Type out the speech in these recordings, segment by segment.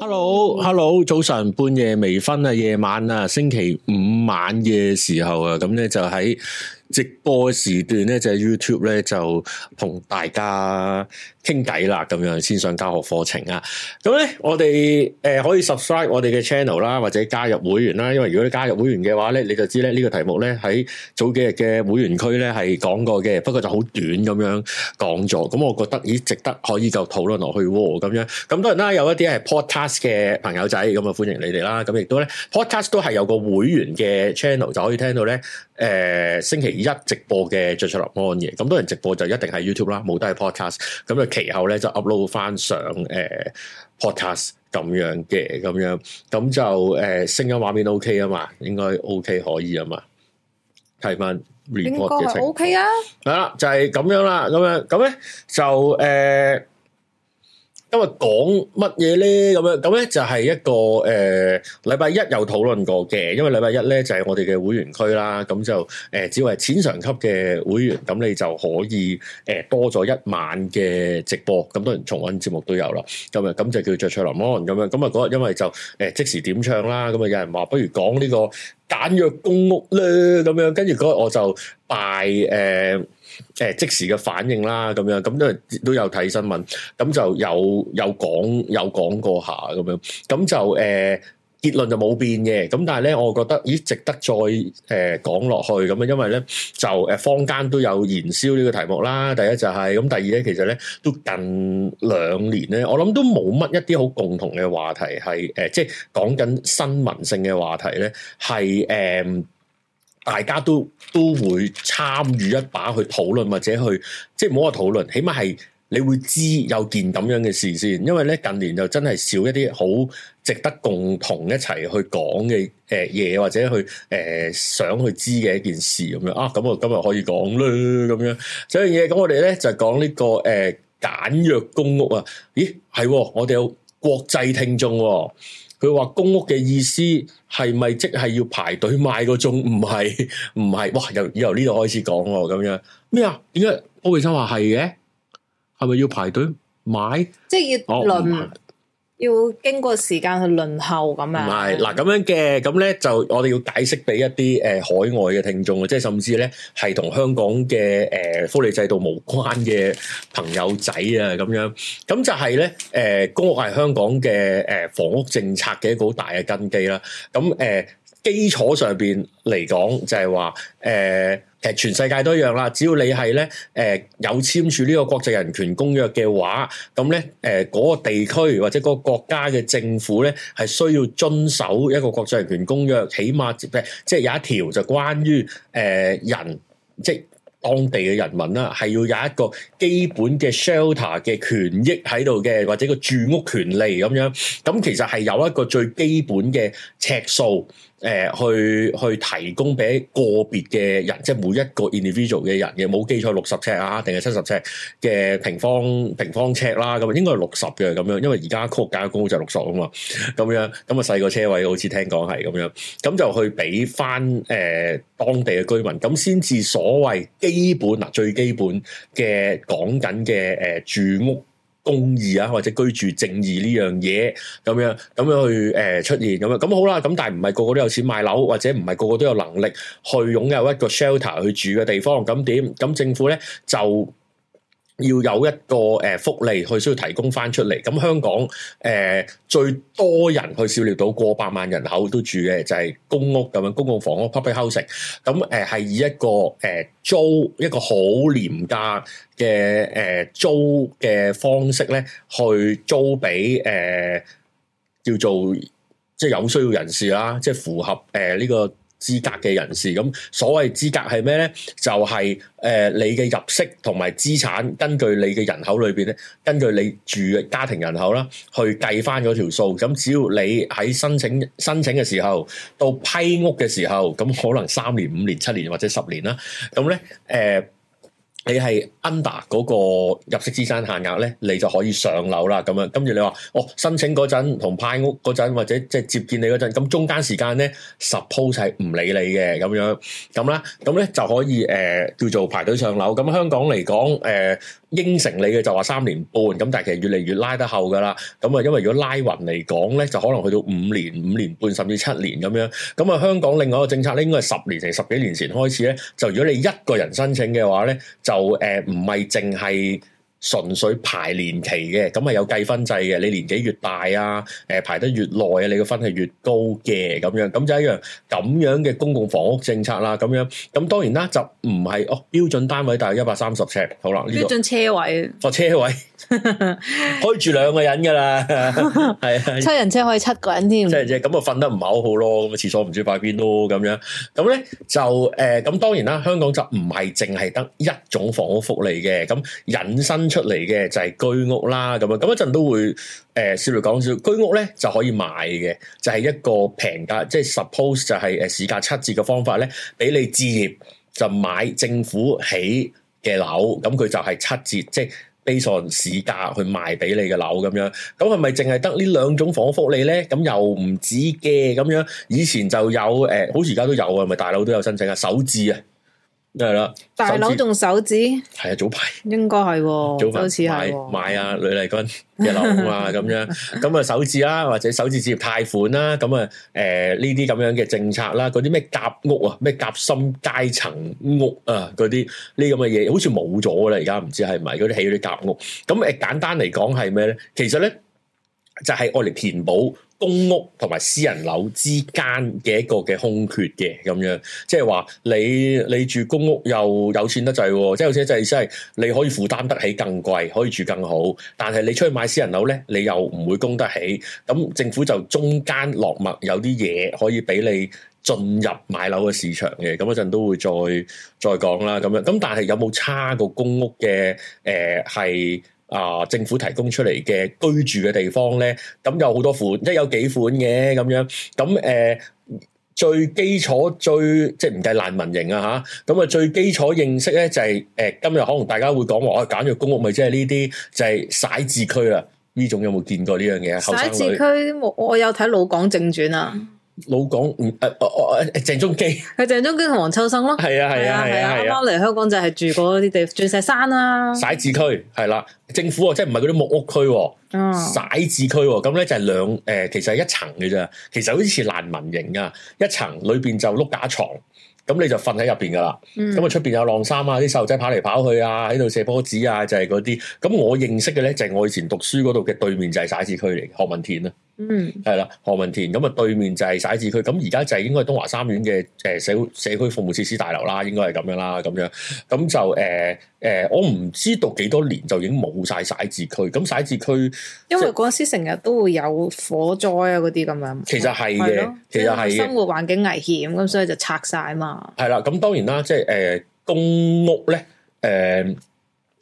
hello hello 早晨，半夜未瞓啊，夜晚啊，星期五晚，夜時候啊，咁咧就喺直播嘅時段咧就係 YouTube 咧就同大家傾偈啦，咁樣先上教學課程啊。咁咧我哋誒、呃、可以 subscribe 我哋嘅 channel 啦，或者加入會員啦。因為如果你加入會員嘅話咧，你就知咧呢個題目咧喺早幾日嘅會員區咧係講過嘅，不過就好短咁樣講咗。咁我覺得咦值得可以就討論落去喎。咁樣咁當然啦，有一啲係 Podcast 嘅朋友仔咁啊，就歡迎你哋啦。咁亦都咧 Podcast 都係有個會員嘅 channel 就可以聽到咧。誒、呃、星期一直播嘅《最出立安》嘅咁多人直播就一定係 YouTube 啦，冇得係 podcast。咁啊，其後咧就 upload 翻上誒 podcast 咁樣嘅，咁樣咁就誒聲音畫面 OK 啊嘛，應該 OK 可以啊嘛。睇翻 report 嘅情況，OK 啊，係啦、嗯，就係、係、咁樣啦，咁樣咁咧就誒。呃今日講乜嘢？咧，咁樣咁咧就係一個誒禮拜一有討論過嘅，因為禮拜一咧就係、是、我哋嘅會員區啦，咁就誒、呃、只要係淺嘗級嘅會員，咁你就可以誒多咗一晚嘅直播，咁當然重溫節目都有啦。咁啊咁就叫雀雀林 mon 咁樣，咁啊嗰日因為就誒、呃、即時點唱啦，咁啊有人話不如講呢個簡約公屋咧，咁樣跟住嗰日我就拜誒。呃誒，即時嘅反應啦，咁樣咁都都有睇新聞，咁就有有講有講過下咁樣，咁就誒結論就冇變嘅，咁但係咧，我覺得咦值得再誒講落去，咁啊，因為咧就誒坊間都有燃燒呢個題目啦，第一就係，咁第二咧，其實咧都近兩年咧，我諗都冇乜一啲好共同嘅話題係誒，即係講緊新聞性嘅話題咧，係誒。大家都都會參與一把去討論，或者去即係唔好話討論，起碼係你會知有件咁樣嘅事先。因為咧近年就真係少一啲好值得共同一齊去講嘅誒嘢，或者去、呃、想去知嘅一件事咁樣啊。咁我今日可以講啦，咁樣。所以嘢，咁我哋咧就講呢、呢個誒、呃、簡約公屋啊。咦，係、哦、我哋有國際聽眾、哦。佢話公屋嘅意思係咪即係要排隊買嗰種，唔係唔係？哇！由由呢度開始講喎，咁樣咩啊？點解我偉生話係嘅？係咪要排隊買？即係月要輪、哦。要經過時間去輪候咁唔係、嗯、樣，係嗱咁樣嘅，咁咧就我哋要解釋俾一啲誒、呃、海外嘅聽眾，即係甚至咧係同香港嘅誒、呃、福利制度無關嘅朋友仔啊咁樣，咁就係咧誒，公屋係香港嘅誒、呃、房屋政策嘅一個好大嘅根基啦。咁、呃、誒基礎上邊嚟講就係話誒。呃全世界都一樣啦，只要你係咧，誒、呃、有簽署呢個國際人權公約嘅話，咁咧誒嗰個地區或者嗰個國家嘅政府咧，係需要遵守一個國際人權公約，起碼即係即係有一條就關於誒、呃、人，即、就、係、是、當地嘅人民啦、啊，係要有一個基本嘅 shelter 嘅權益喺度嘅，或者個住屋權利咁樣，咁其實係有一個最基本嘅呎數。誒、呃、去去提供俾個別嘅人，即係每一個 individual 嘅人嘅，冇記錯六十尺啊，定係七十尺嘅平方平方尺啦。咁應該係六十嘅咁樣，因為而家曲界高就六十啊嘛。咁樣咁啊，細個車位好，好似聽講係咁樣咁，就去俾翻誒當地嘅居民咁，先至所謂基本，嗱最基本嘅講緊嘅誒住屋公義啊，或者居住正義呢樣嘢咁樣，咁樣去、呃、出現咁樣咁好啦，咁但係唔係個個都有錢買樓，或者唔係個個都有能力去擁有一個 shelter 去住嘅地方，咁點？咁政府咧就。要有一個福利去需要提供返出嚟，咁香港、呃、最多人去少料到過百萬人口都住嘅就係、是、公屋，咁樣公共房屋 public housing，咁係、呃、以一個、呃、租一個好廉價嘅、呃、租嘅方式咧，去租俾、呃、叫做即係、就是、有需要人士啦，即、就、係、是、符合誒呢、呃這個，資格嘅人士，咁所謂資格係咩咧？就係、是、誒、呃，你嘅入息同埋資產，根據你嘅人口裏邊咧，根據你住嘅家庭人口啦，去計翻嗰條數。咁只要你喺申請申請嘅時候，到批屋嘅時候，咁可能三年、五年、七年或者十年啦。咁咧，誒、呃。你係 under 嗰個入息資產限額，咧，你就可以上樓啦。咁樣跟住你話，哦，申請嗰陣同派屋嗰陣，或者即係接見你嗰陣，咁中間時間咧，suppose 係唔理你嘅咁樣，咁啦，咁咧就可以誒、呃、叫做排隊上樓。咁香港嚟講誒。呃應承你嘅就話三年半，咁但係其實越嚟越拉得後噶啦。咁啊，因為如果拉勻嚟講咧，就可能去到五年、五年半甚至七年咁樣。咁啊，香港另外一個政策咧，應該係十年定十幾年前開始咧，就如果你一個人申請嘅話咧，就誒唔係淨係。呃純粹排年期嘅，咁係有計分制嘅。你年紀越大啊，誒排得越耐啊，你嘅分係越高嘅咁樣。咁就一樣咁樣嘅公共房屋政策啦。咁樣咁當然啦，就唔係哦標準單位，大約一百三十尺。好啦，呢個標準車位啊、哦，車位。開 住兩個人噶啦，係七人車可以七個人添，即係咁啊，瞓得唔係好好咯，咁啊，廁所唔知擺邊咯，咁樣咁咧就誒，咁、呃、當然啦，香港就唔係淨係得一種房屋福利嘅，咁引申出嚟嘅就係居屋啦，咁啊，咁一陣都會誒少嚟講少，居屋咧就可以買嘅，就係、是、一個平價，即係 suppose 就係、是、誒市價七折嘅方法咧，俾你置業就買政府起嘅樓，咁佢就係七折，即係。b a，市價去賣俾你嘅樓咁樣，咁係咪淨係得呢兩種房福利咧？咁又唔止嘅咁樣，以前就有誒、欸，好似而家都有啊，係咪大佬都有申請啊？首置啊？係啦，大佬仲手指係指啊，早排應該係、啊，好似係買啊呂麗君日樓啊咁、呃呃呃、樣，咁啊首次啦，或者首次置業貸款啦，咁啊誒呢啲咁樣嘅政策啦，嗰啲咩夾屋啊，咩夾心階層屋啊，嗰啲呢咁嘅嘢，好似冇咗啦，而家唔知係咪嗰啲起嗰啲夾屋，咁誒簡單嚟講係咩咧？其實咧就係愛嚟填補。公屋同埋私人樓之間嘅一個嘅空缺嘅，咁樣，即係話你你住公屋又有錢得滯，即係好似即係意思係你可以負擔得起更貴，可以住更好，但係你出去買私人樓咧，你又唔會供得起，咁政府就中間落墨有啲嘢可以俾你進入買樓嘅市場嘅，咁一陣都會再再講啦，咁樣，咁但係有冇差過公屋嘅誒係？呃是啊！政府提供出嚟嘅居住嘅地方咧，咁、嗯、有好多款，即係有幾款嘅咁樣。咁、嗯、誒、嗯，最基礎最即係唔計難民營啊吓。咁、嗯、啊，最基礎認識咧就係、是、誒、嗯，今日可能大家會講話、哎就是就是，簡約公屋咪即係呢啲，就係徙置區啦。呢種有冇見過呢樣嘢啊？徙置區我我有睇《老港正傳》啊。老港唔，誒，鄭、呃、中、呃呃、基，係鄭中基同黃秋生咯，係啊係啊係啊，啱啱嚟香港就係住過啲地方，鑽石山啦、啊，徙置區係啦、啊，政府、啊、即係唔係嗰啲木屋區、啊，嗯、哦，徙置區咁、啊、咧就係兩，誒、呃，其實係一層嘅咋，其實好似難民營啊，一層裏邊就碌架床，咁你就瞓喺入邊噶啦，咁啊出邊有晾衫啊，啲細路仔跑嚟跑去啊，喺度射波子啊，就係嗰啲，咁我認識嘅咧就係、是、我以前讀書嗰度嘅對面就係徙置區嚟，何文田啊。嗯，係啦，何文田咁啊，對面就係徙置區，咁而家就係應該東華三院嘅，呃、社社區服務設施大樓啦，應該係咁樣啦，咁樣，咁就誒，呃呃、我唔知道幾多年就已經冇晒徙置區，咁徙置區，因為嗰陣時成日都會有火災啊嗰啲咁樣其實係，其實係嘅，其實係生活環境危險，咁所以就拆晒嘛。係啦，咁當然啦，即係公屋咧，誒、呃。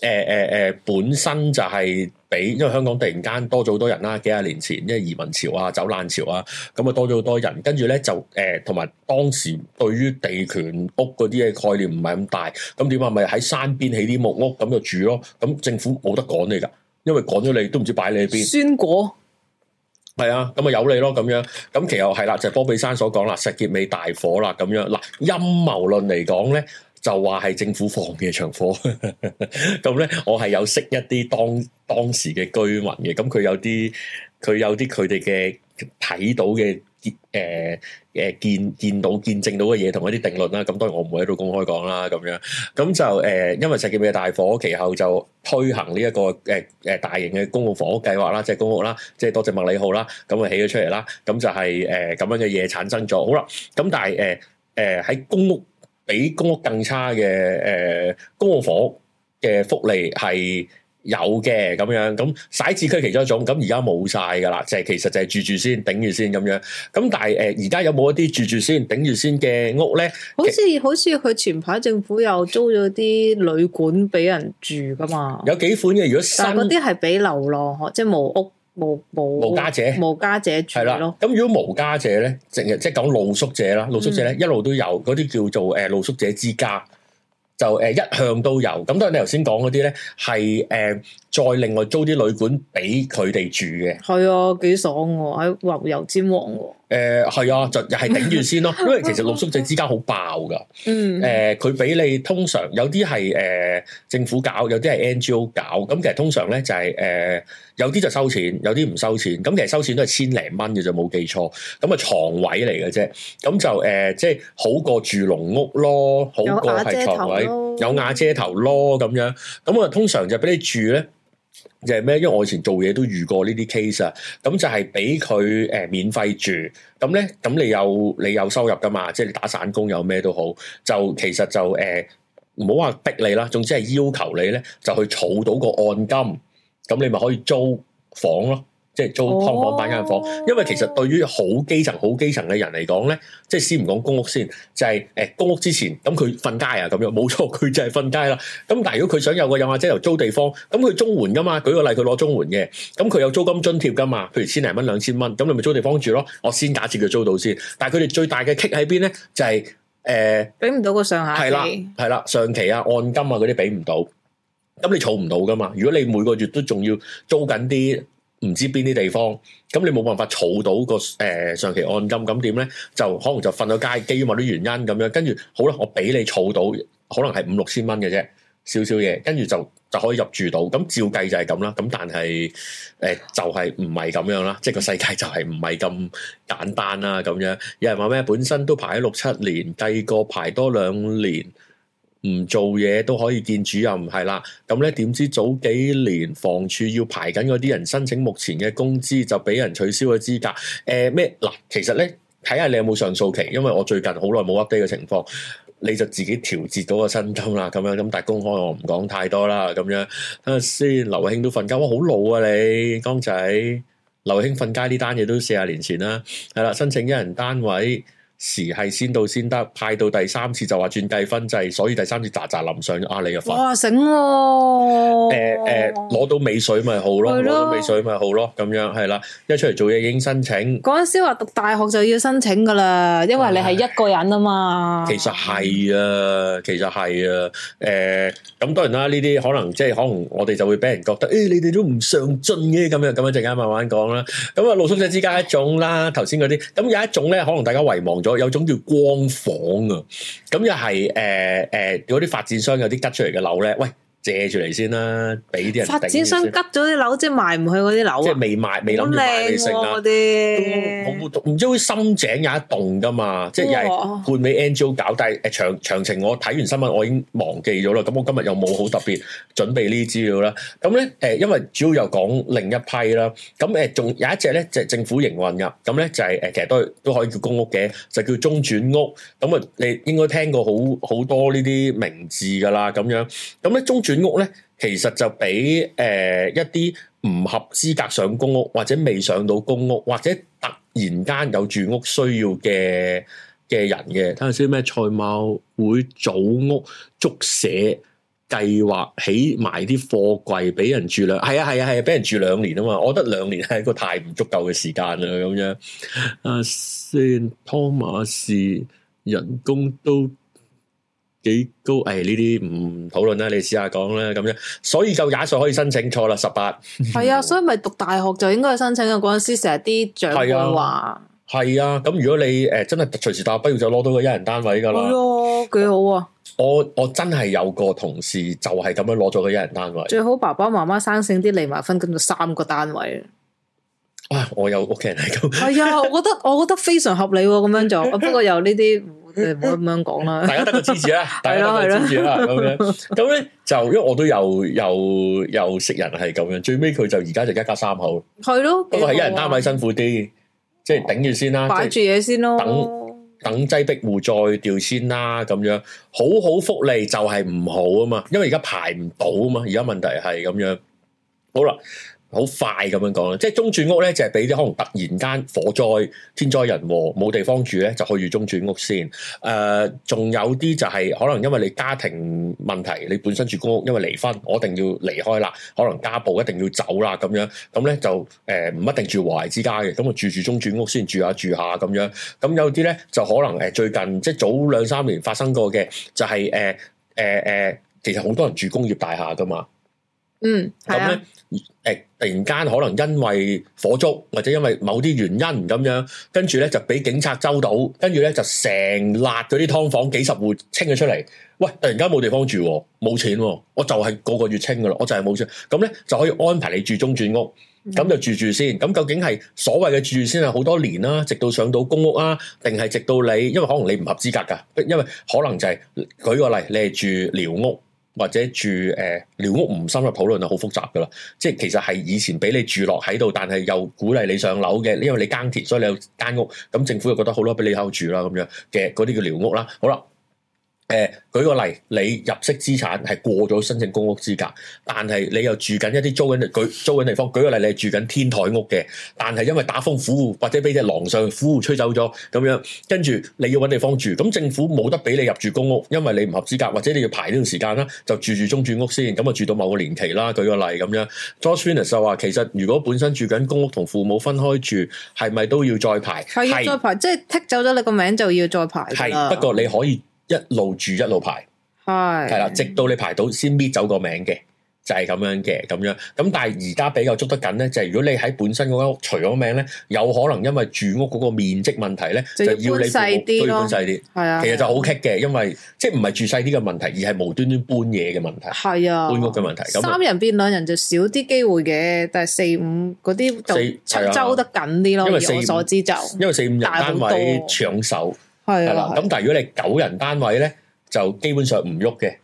誒誒誒，本身就係俾因為香港突然間多咗好多人啦，幾廿年前因為移民潮啊、走難潮啊，咁啊多咗好多人，跟住咧就誒，同、呃、埋當時對於地權屋嗰啲嘅概念唔係咁大，咁點解咪喺山邊起啲木屋咁就住咯，咁政府冇得趕你噶，因為趕咗你都唔知擺你喺邊。先果係啊，咁啊有你咯，咁樣咁其實係啦，就係、波比山所講啦，石硤尾大火啦，咁樣嗱陰謀論嚟講咧。就話係政府放嘅場火，咁 咧我係有識一啲當當時嘅居民嘅，咁佢有啲佢有啲佢哋嘅睇到嘅、呃、見誒誒見到見證到嘅嘢同一啲定論啦，咁當然我唔會喺度公開講啦，咁樣咁就誒、呃，因為石硤尾大火，其後就推行呢、這、一個誒誒、呃、大型嘅公共房屋計劃啦，即係公屋啦，即係多謝麥理浩啦，咁啊起咗出嚟啦，咁就係誒咁樣嘅嘢產生咗，好啦，咁但係誒誒喺公屋。比公屋更差嘅，誒、呃，公屋房嘅福利係有嘅，咁樣咁，徙置區其中一種，咁而家冇晒噶啦，就係其實就係住住先，頂住先咁樣，咁但係誒，而、呃、家有冇一啲住住先，頂住先嘅屋咧？好似像其好似佢前排政府又租咗啲旅館俾人住噶嘛？有幾款嘅，如果但係嗰啲係俾流浪，即係冇屋。無無，無家者，無家者係啦。咁如果無家者咧，成日即係講露宿者啦，露宿者咧一路都有嗰啲、嗯、叫做誒露宿者之家，就誒一向都有。咁當然你頭先講嗰啲咧係誒。嗯再另外租啲旅館俾佢哋住嘅。係啊，幾爽喎！喺樓油尖旺喎。誒、呃，係啊，就又係頂住先咯。 因為其實露宿者之間好爆噶。嗯。誒、呃，佢俾你通常有啲係誒政府搞，有啲係 NGO 搞。咁其實通常咧就係、是、誒、呃、有啲就收錢，有啲唔收錢。咁其實收錢都係千零蚊嘅，就冇記錯。咁啊床位嚟嘅啫。咁就誒、呃、即係好過住農屋咯，好過係床位有瓦遮頭咯，咁樣。咁啊通常就俾你住咧。即係咩？因為我以前做嘢都遇過呢啲 case 啊，咁就係俾佢誒免費住，咁咧咁你有你有收入噶嘛？即係你打散工有咩都好，就其實就誒唔好話逼你啦，總之係要求你咧就去儲到個按金，咁你咪可以租房咯。即係租劏房，房，辦一間房，因為其實對於好基層、好基層嘅人嚟講咧，即係先唔講公屋先，就係、是、誒公屋之前，咁佢瞓街啊，咁樣冇錯，佢就係瞓街啦。咁但係如果佢想有個有瓦遮頭租地方，咁佢綜援噶嘛？舉個例，佢攞綜援嘅，咁佢有租金津貼噶嘛？譬如千零蚊、兩千蚊，咁你咪租地方住咯。我先假設佢租到先。但係佢哋最大嘅棘喺邊咧，就係誒俾唔到個上下期，係啦，係啦，上期啊、按金啊嗰啲俾唔到，咁你儲唔到噶嘛？如果你每個月都仲要租緊啲。唔知邊啲地方，咁你冇辦法儲到個誒、呃、上期按金，咁點咧？就可能就瞓咗街，基於某啲原因咁樣，跟住好啦，我俾你儲到，可能係五六千蚊嘅啫，少少嘢，跟住就就可以入住到，咁照計就係咁啦。咁但係誒、呃，就係唔係咁樣啦，即係個世界就係唔係咁簡單啦，咁樣有人話咩？本身都排咗六七年，計過排多兩年。唔做嘢都可以見主任係啦，咁咧，點知早幾年房署要排緊嗰啲人申請目前嘅工資就俾人取消咗資格？呃、咩、嗱？其實咧睇下你有冇上訴期，因為我最近好耐冇 update 嘅情況，你就自己調節到個薪金啦咁樣。咁大公開我唔講太多啦咁樣。睇下先，劉慶都瞓覺，哇好老啊，你江仔，劉慶瞓街呢單嘢都四十年前啦。係啦，申請一人單位。時係先到先得，派到第三次就話轉計分制，所以第三次咋咋冧上阿里嘅分。啊、哇，醒、啊！誒誒、欸，攞、欸、到美水咪好咯，攞的到尾水咪好咯，咁樣係啦。一出嚟做嘢已經申請。嗰陣時話讀大學就要申請噶啦，因為你係一個人啊嘛。其實係啊，其實係啊，誒、啊、咁、欸、當然啦，呢啲可能即係可能我哋就會俾人覺得誒、欸，你哋都唔上進嘅，咁樣咁樣一陣間慢慢講啦。咁啊，露宿者之間一種啦，頭先嗰啲，咁有一種咧，可能大家遺忘。有有種叫光房啊，咁又係誒誒，嗰啲發展商有啲吉出嚟嘅樓咧，喂。借住嚟先啦、啊，俾啲人先、啊、發展商急咗啲樓，即係賣唔去嗰啲樓即未賣，未諗住賣嘅啦，啲唔、啊、知會深井有一棟㗎嘛，哦、即係又係半尾 NGO 搞，低。係詳情我睇完新聞，我已經忘記咗啦。咁我今日又冇好特別準備呢啲資料啦。咁咧因為主要又講另一批啦。咁仲有一隻咧，就係政府營運㗎。咁咧就係、誒、其實都都可以叫公屋嘅，就叫中轉屋。咁啊，你應該聽過好好多呢啲名字㗎啦。咁樣咁咧中轉屋咧，其實就俾誒、呃、一啲唔合資格上公屋，或者未上到公屋，或者突然間有住屋需要嘅嘅人嘅，睇下先咩？賽馬會組屋、足社計劃起埋啲貨櫃俾人住兩，係啊係啊係啊，俾、啊啊、人住兩年啊嘛，我覺得兩年係一個太唔足夠嘅時間啦，咁樣。啊，算，Thomas 人工都。幾高？誒、哎，呢啲唔討論啦，你試下講啦咁樣，所以就廿歲可以申請咗啦，十八係啊，所以咪讀大學就應該去申請啊！嗰陣時成日啲長輩話係啊，咁如果你誒、欸、真係隨時大學畢業就攞到一個一人單位噶啦，咯幾、啊、好啊！我我，我真係有個同事就係咁樣攞咗個一人單位，最好爸爸媽媽生性啲離埋婚，咁就三個單位啊、哎！我有屋企人係咁，係啊，我覺得我覺得非常合理喎、啊，咁樣就 不過有呢啲。誒，唔好咁樣講啦，大家得個支持啦，大家得個支持啦，咁樣咁咧就， 因為我都有又又識人係咁樣，最尾佢就而家就一家三口，係咯的，不過一人單位辛苦啲，即係頂住先啦，擺住嘢先咯等，等等擠迫戶再調先啦，咁樣好好福利就係唔好啊嘛，因為而家排唔到啊嘛，而家問題係咁樣，好啦。好快咁樣講啦，即係中轉屋咧，就係俾啲可能突然間火災、天災人禍冇地方住咧，就去住中轉屋先。誒、呃，仲有啲就係可能因為你家庭問題，你本身住公屋，因為離婚，我一定要離開啦，可能家暴一定要走啦，咁樣咁咧就誒唔、呃、一定住華裔之家嘅，咁啊住住中轉屋先，住下住下咁樣。咁有啲咧就可能誒、呃，最近即係早兩三年發生過嘅，就係誒誒誒，其實好多人住工業大廈噶嘛。嗯，咁咧。誒，突然間可能因為火燭，或者因為某啲原因咁樣，跟住咧就俾警察揪到，跟住咧就成辣嗰啲劏房幾十戶清咗出嚟。喂，突然間冇地方住，啊，冇錢、啊，我就係個個月清噶啦，我就係冇錢。咁咧就可以安排你住中轉屋，咁、嗯、就住住先。咁究竟係所謂嘅住住先係好多年啦，啊，直到上到公屋啊，定係直到你？因為可能你唔合資格噶，因為可能就係、是、舉個例，你係住寮屋。或者住誒、呃、寮屋，唔深入討論就好複雜噶啦，即係其實係以前俾你住落喺度，但係又鼓勵你上樓嘅，因為你耕田，所以你有間屋，咁政府又覺得好多俾你喺度住啦咁樣嘅嗰啲叫寮屋啦，好啦。誒、欸，舉個例，你入息資產係過咗申請公屋資格，但係你又住緊一啲租緊地，舉租緊地方。舉個例，你係住緊天台屋嘅，但係因為打風腐或者俾隻狼上腐吹走咗，咁樣跟住你要搵地方住，咁政府冇得俾你入住公屋，因為你唔合資格，或者你要排呢段時間啦，就住住中轉屋先，咁啊住到某個年期啦。舉個例咁樣，George Francis 就話，其實如果本身住緊公屋同父母分開住，係咪都要再排？係要再排，是是即係剔走咗你個名就要再排。係不過你可以。一路住一路排，係係啦，直到你排到先搣走個名嘅，就係、是、咁樣嘅，咁樣咁。但係而家比較捉得緊咧，就係、是、如果你喺本身嗰間屋除咗名咧，有可能因為住屋嗰個面積問題咧，就要你搬細啲，要搬細啲係啊。的其實就好棘嘅，因為即係唔係住細啲嘅問題，而係無端端搬嘢嘅問題。係啊的，搬屋嘅問題。的樣三人變兩人就少啲機會嘅，但係四五嗰啲就七周的得緊啲咯。因為四所知就因為四五人單位搶手。係啦，咁但係如果你九人單位咧，就基本上唔喐嘅，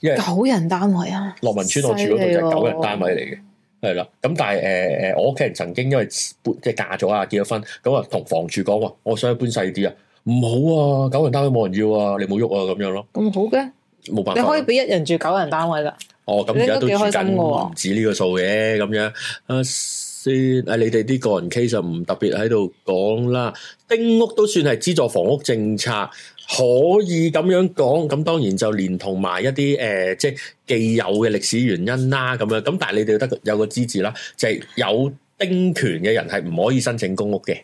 因為九人單位啊，樂民村我住嗰度就九人單位嚟嘅，係啦的，咁的但係誒誒，我屋企人曾經因為即係嫁咗啊，結咗婚，咁啊同房署講話，我想搬細啲啊，唔好啊，九人單位冇人要啊，你唔好喐啊咁樣咯。咁好嘅，冇辦法，你可以俾一人住九人單位啦。哦，咁而家都住緊唔止呢個數嘅咁樣啊。先，啊，你哋啲個人 case 就唔特別喺度講啦。丁屋都算係資助房屋政策，可以咁樣講。咁當然就連同埋一啲、呃、即係既有嘅歷史原因啦，咁樣。咁但係你哋得有個資字啦，就係、是、有丁權嘅人係唔可以申請公屋嘅，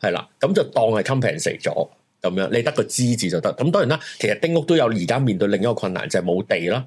係啦。咁就當係 compensate 死咗咁樣，你得個資字就得。咁當然啦，其實丁屋都有而家面對另一個困難，就係、是、冇地啦。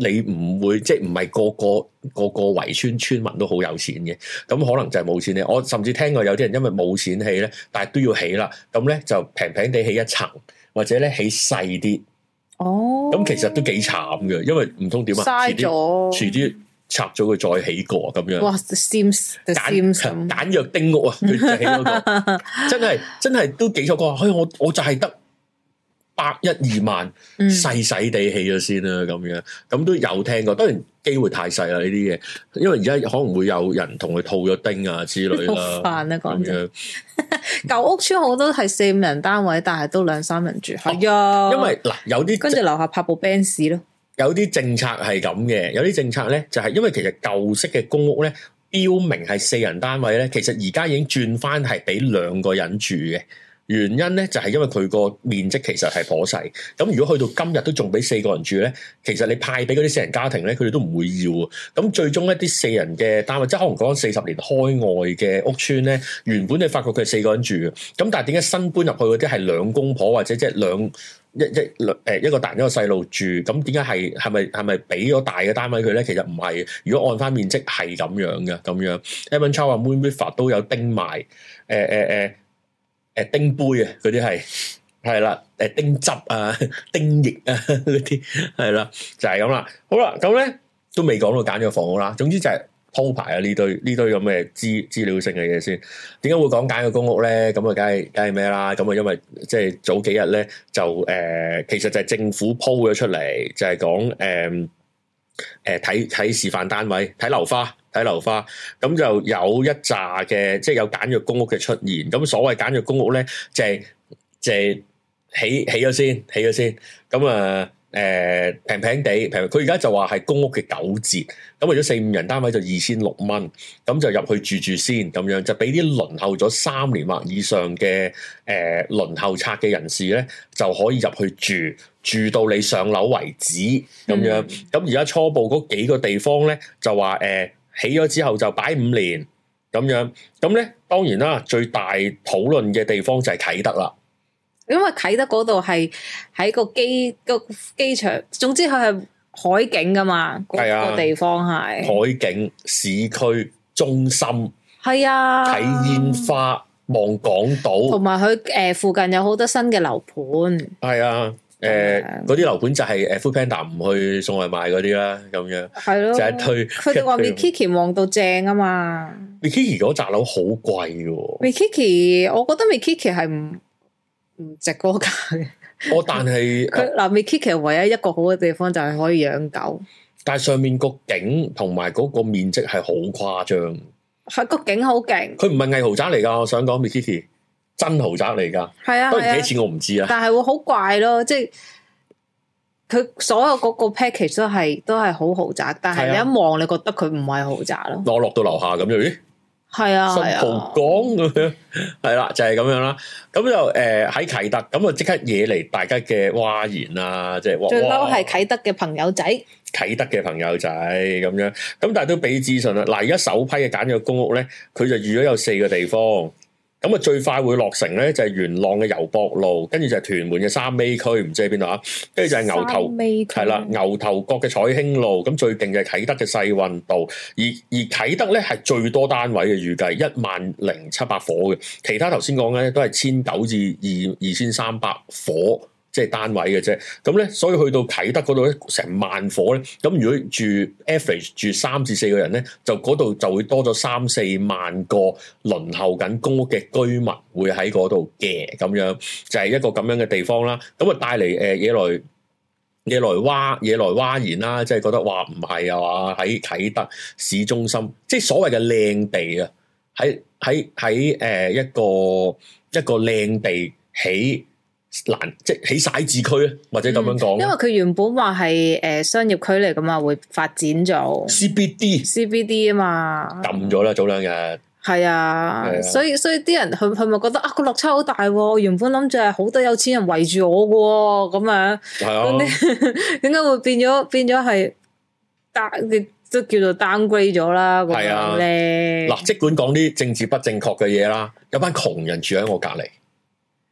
你唔會即係唔係個個個個圍村村民都好有錢嘅，咁可能就係冇錢起。我甚至聽過有啲人因為冇錢起咧，但係都要起啦。咁咧就平平地起一層，或者咧起細啲。哦，咁其實都幾慘嘅，因為唔通點啊？嘥咗，遲啲拆咗佢再起過咁樣。哇！The Sims, The Sims. 簡簡約丁屋啊！佢就起嗰度， 真係真係都幾錯過。嘿、哎，我我就係得。百一二萬，細細地起咗先啦、啊，咁樣咁都有聽過。當然機會太細啦呢啲嘢，因為而家可能會有人同佢套咗丁啊之類啦、啊。咁、啊、樣舊、啊啊、 屋村好多係四五人單位，但係都兩三人住。係啊、哦，哎、呀因為嗱有啲跟住樓下拍部 Benz 咯有。有啲政策係咁嘅，有啲政策咧就係、是、因為其實舊式嘅公屋咧，標明係四人單位咧，其實而家已經轉翻係俾兩個人住嘅。原因咧就係因為佢個面積其實係頗細，咁如果去到今日都仲俾四個人住咧，其實你派俾嗰啲四人家庭咧，佢哋都唔會要。咁最終一啲四人嘅單位，即係可能講四十年開外嘅屋村咧，原本你發覺佢係四個人住，咁但係點解新搬入去嗰啲係兩公婆或者即係兩一一兩誒一個大人一個細路住？咁點解係係咪係咪俾咗大嘅單位佢咧？其實唔係，如果按翻面積係咁樣嘅咁樣。Evan Chow Moon River 都有叮埋。誒，丁杯啊，嗰啲係係啦，誒，丁汁啊，丁液啊，嗰啲係啦，就係咁啦。好啦，咁咧都未講到揀咗個房屋啦。總之就係鋪排啊，呢堆呢堆咁嘅資資料性嘅嘢先。點解會講揀個公屋咧？咁啊，梗係梗係咩啦？咁啊，因為即係早幾日咧就誒、呃，其實就係政府鋪咗出嚟，就係講誒誒，睇、呃、睇、呃、示範單位，睇樓花。睇樓花咁就有一扎嘅，即、就、係、是、有簡約公屋嘅出現。咁所謂簡約公屋咧，就係即係起起咗先，起咗先。咁、嗯、啊，誒平平地平。佢而家就話係公屋嘅九折，咁為咗四五人單位就二千六蚊，咁就入去住住先咁樣，就俾啲輪候咗三年或以上嘅誒、呃、輪候冊嘅人士咧，就可以入去住住到你上樓為止咁樣。咁而家初步嗰幾個地方咧，就話誒。呃起咗之後就擺五年咁樣，咁咧當然啦，最大討論嘅地方就係啟德啦，因為啟德嗰度係喺個機個機場，總之佢係海景噶嘛，係啊，個地方係海景市區中心，係啊，睇煙花望港島，同埋佢誒附近有好多新嘅樓盤，係啊。誒，嗰啲樓盤就係誒 Foodpanda 唔去送外賣嗰啲啦，咁樣係咯，就係推。佢哋話 Mikiki 望到正啊嘛，Mikiki 嗰扎樓好貴嘅。Mikiki 我覺得 Mikiki 係唔唔值嗰價嘅。我、哦、但係佢嗱 Mikiki 唯一一個好嘅地方就係可以養狗。但係上面，的景和個，面個景同埋嗰個面積係好誇張，係個景好勁。佢唔係偽豪宅嚟噶，我想講 Mikiki 真豪宅嚟噶，係啊，當然幾錢我唔知啊，是啊，是啊。但係會好怪咯，即係佢所有嗰個 package 都係都係好豪宅，但係你一望，是啊、你覺得佢唔係豪宅咯。我落到樓下咁樣，係啊，新蒲崗咁樣，係啦、啊 啊，就係、是、咁樣啦。咁就誒喺啟德，咁啊即刻惹嚟大家嘅嘩然啊，即、就、係、是、最嬲係啟德嘅朋友仔，啟德嘅朋友仔咁樣。咁但係都俾資訊啦。嗱，而家首批嘅簡約公屋咧，佢就預咗有四個地方。咁啊，最快會落成咧就係元朗嘅油博路，跟住就係屯門嘅三尾區，唔知喺邊度啊？跟住就係牛頭，係啦，牛頭角嘅彩興路，咁最勁就係啟德嘅世運道，而而啟德咧係最多單位嘅，預計一萬零七百伙嘅，其他頭先講咧都係千九至二二千三百伙。即係單位嘅啫，咁咧，所以去到啟德嗰度咧，成萬夥咧，咁如果住 average 住三至四個人咧，就嗰度就會多咗三四萬個輪候緊公屋嘅居民會喺嗰度嘅。咁樣，就係、是、一個咁樣嘅地方啦。咁啊，帶嚟誒野來野來蛙野來蛙言啦，即係覺得話唔係啊，喺啟德市中心，即係所謂嘅靚地啊，喺喺喺誒一個一個靚地起。難即係起寫字樓區或者咁樣講。因為佢原本話係誒商業區嚟，咁嘛，會發展咗。C B D C B D 啊嘛，撳咗啦，早兩日。係啊，啊所，所以所以啲人佢係咪覺得啊個落差好大，啊？原本諗住係好多有錢人圍住我嘅，啊，咁樣咁點解會變咗變咗係 down 都叫做 downgrade 咗啦？咁樣咧嗱，即、啊、你管講啲政治不正確嘅嘢啦，有班窮人住喺我隔籬。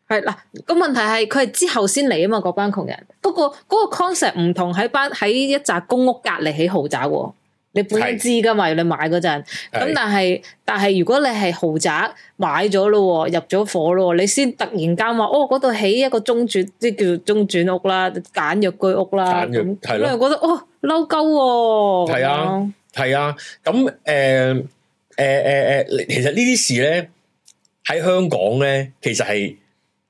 係嗱，個問題係佢係之後先嚟啊嘛，嗰班窮人。那不過嗰個 concept 唔同喺班喺一紮公屋隔籬起豪宅喎，你本嚟知㗎嘛？是的 你買嗰陣，咁但係是的 但係如果你係豪宅買咗咯，入咗火咯，你先突然間話哦嗰度起一個中轉，即叫做中轉屋啦，簡約居屋啦，咁你又覺得哦嬲鳩喎？係啊，係啊的，咁誒誒誒誒，其實這些呢啲事咧喺香港咧，其實係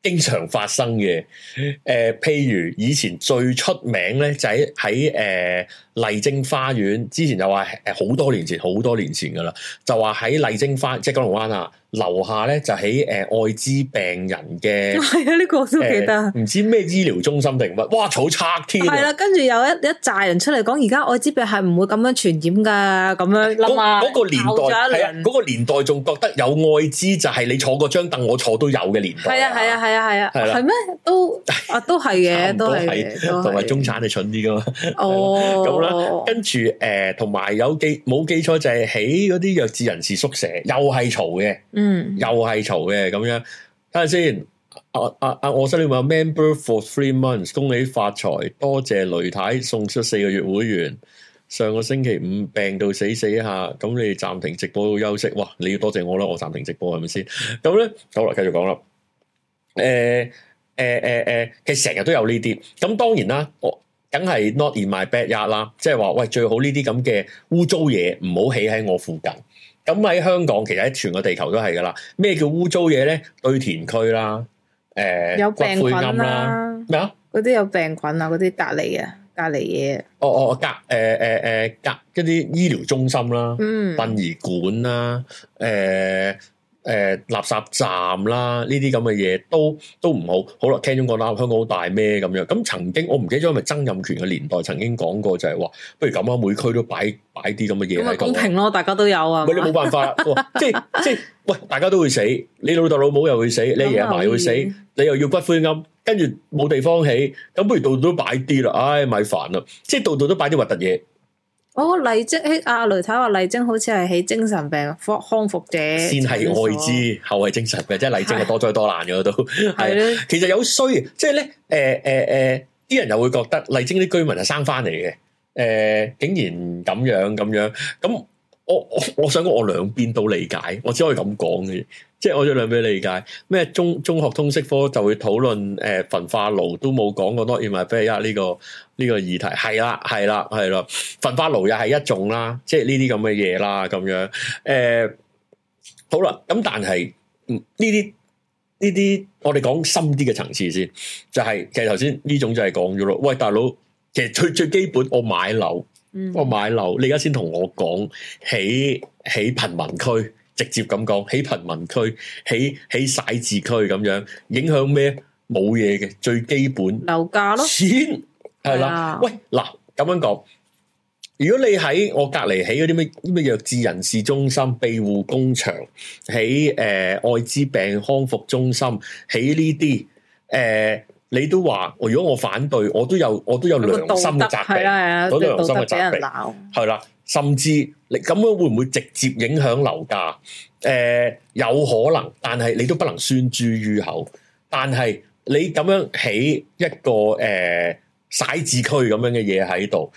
經常發生嘅，誒、呃，譬如以前最出名咧就喺喺誒，麗晶花園，之前就話誒好多年前，好多年前噶啦，就話喺麗晶花即係九龍灣啊。樓下咧就喺誒艾滋病人嘅，係啊呢、這個都記得，唔、呃、知咩醫療中心定乜，哇嘈差添啊！係啦、啊，跟住有一一紮人出嚟講，而家艾滋病係唔會咁樣傳染噶，咁樣諗嗰、啊那個年代係嗰、啊那個年代仲覺得有艾滋就係你坐個張凳我坐都有嘅年代、啊，係啊係啊係啊係啊係咩？都啊都係嘅，都係同埋中產係蠢啲噶嘛？哦，咁啦、 啊，跟住誒，同埋、呃、有，有記冇記錯就係喺嗰啲弱智人士宿舍，又係嘈嘅。嗯，又係嘈嘅咁樣，睇下先。阿阿阿，我心裏話 Member for three months，恭喜發財，多謝雷太送出四個月會員。上個星期五病到死死一下，咁你暫停直播休息。哇，你要多謝我啦，我暫停直播係咪先？咁咧，好啦，繼續講啦。誒誒誒誒，其實成日都有呢啲。咁當然啦，我梗係 Not in my backyard 啦，即係話喂，最好呢啲咁嘅污糟嘢唔好起喺我附近。咁喺香港，其實喺全個地球都係噶啦。咩叫污糟嘢咧？堆填區啦，誒、呃、有病菌，菌啦，咩啊？嗰啲有病菌啊，嗰啲隔離啊，隔離嘢。哦哦，隔誒誒誒隔一啲醫療中心啦，嗯，殯儀館啦，誒、呃。誒、呃、垃圾站啦，呢啲咁嘅嘢都都唔好。好啦，聽咗講啦，香港好大咩咁樣？咁曾經我唔記得咗，係曾蔭權嘅年代曾經講過、就係，就係話不如咁啦，每區都擺擺啲咁嘅嘢嚟講。嗯、停咯，大家都有啊。唔你冇辦法， 即即喂，大家都會死，你老豆老母又會死， 你爺嫲又會死，你又要骨灰庵，跟住冇地方起，咁不如度度都擺啲啦。唉，咪煩啦，即度度都擺啲核突嘢。我麗晶，阿雷太話麗晶好似係起精神病復康復者，先係愛滋，後係精神病，即係麗晶係多災多難嘅都係。的的其實有衰，即係咧，誒誒誒，啲、呃、人又會覺得麗晶啲居民係生翻嚟嘅，誒、呃，竟然咁樣咁樣，咁我我我想講我兩邊都理解，我只可以咁講嘅。即係我再兩俾理解咩，中中學通識科就會討論，誒，焚化爐都冇講過 not in my backyard 呢、這個呢、這個議題係啦係啦係啦，啦，啦焚化爐又係一種啦，即係呢啲咁嘅嘢啦咁樣誒、呃、好啦，咁但係呢啲呢啲我哋講深啲嘅層次先就係其實頭先呢種就係講咗咯，喂大佬，其實最最基本我買樓、嗯、我買樓，你而家先同我講起起貧民區。直接咁講，起貧民區，起起寫字樓區咁樣，影響咩？冇嘢嘅，最基本樓價咯。錢係啦，喂嗱，咁樣講，如果你喺我隔籬起嗰啲咩咩弱智人士中心、庇護工場、起誒艾滋病康復中心、起呢啲誒，你都話，如果我反對我都有，我都有良心嘅責備，係啦，係啦，俾人鬧，係啦。甚至你咁樣會唔會直接影響樓價？誒、呃，有可能，但係你都不能宣諸於口。但係你咁樣起一個誒，寫、呃、字樓區咁樣嘅嘢喺度，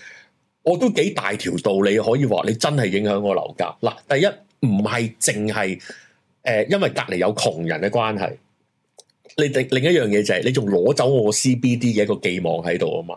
我都幾大條道理可以話，你真係影響我樓價。嗱，第一唔係淨係誒，因為隔籬有窮人嘅關係，你另另一樣嘢就係、是、你仲攞走我 CBD 嘅一個寄望喺度啊嘛。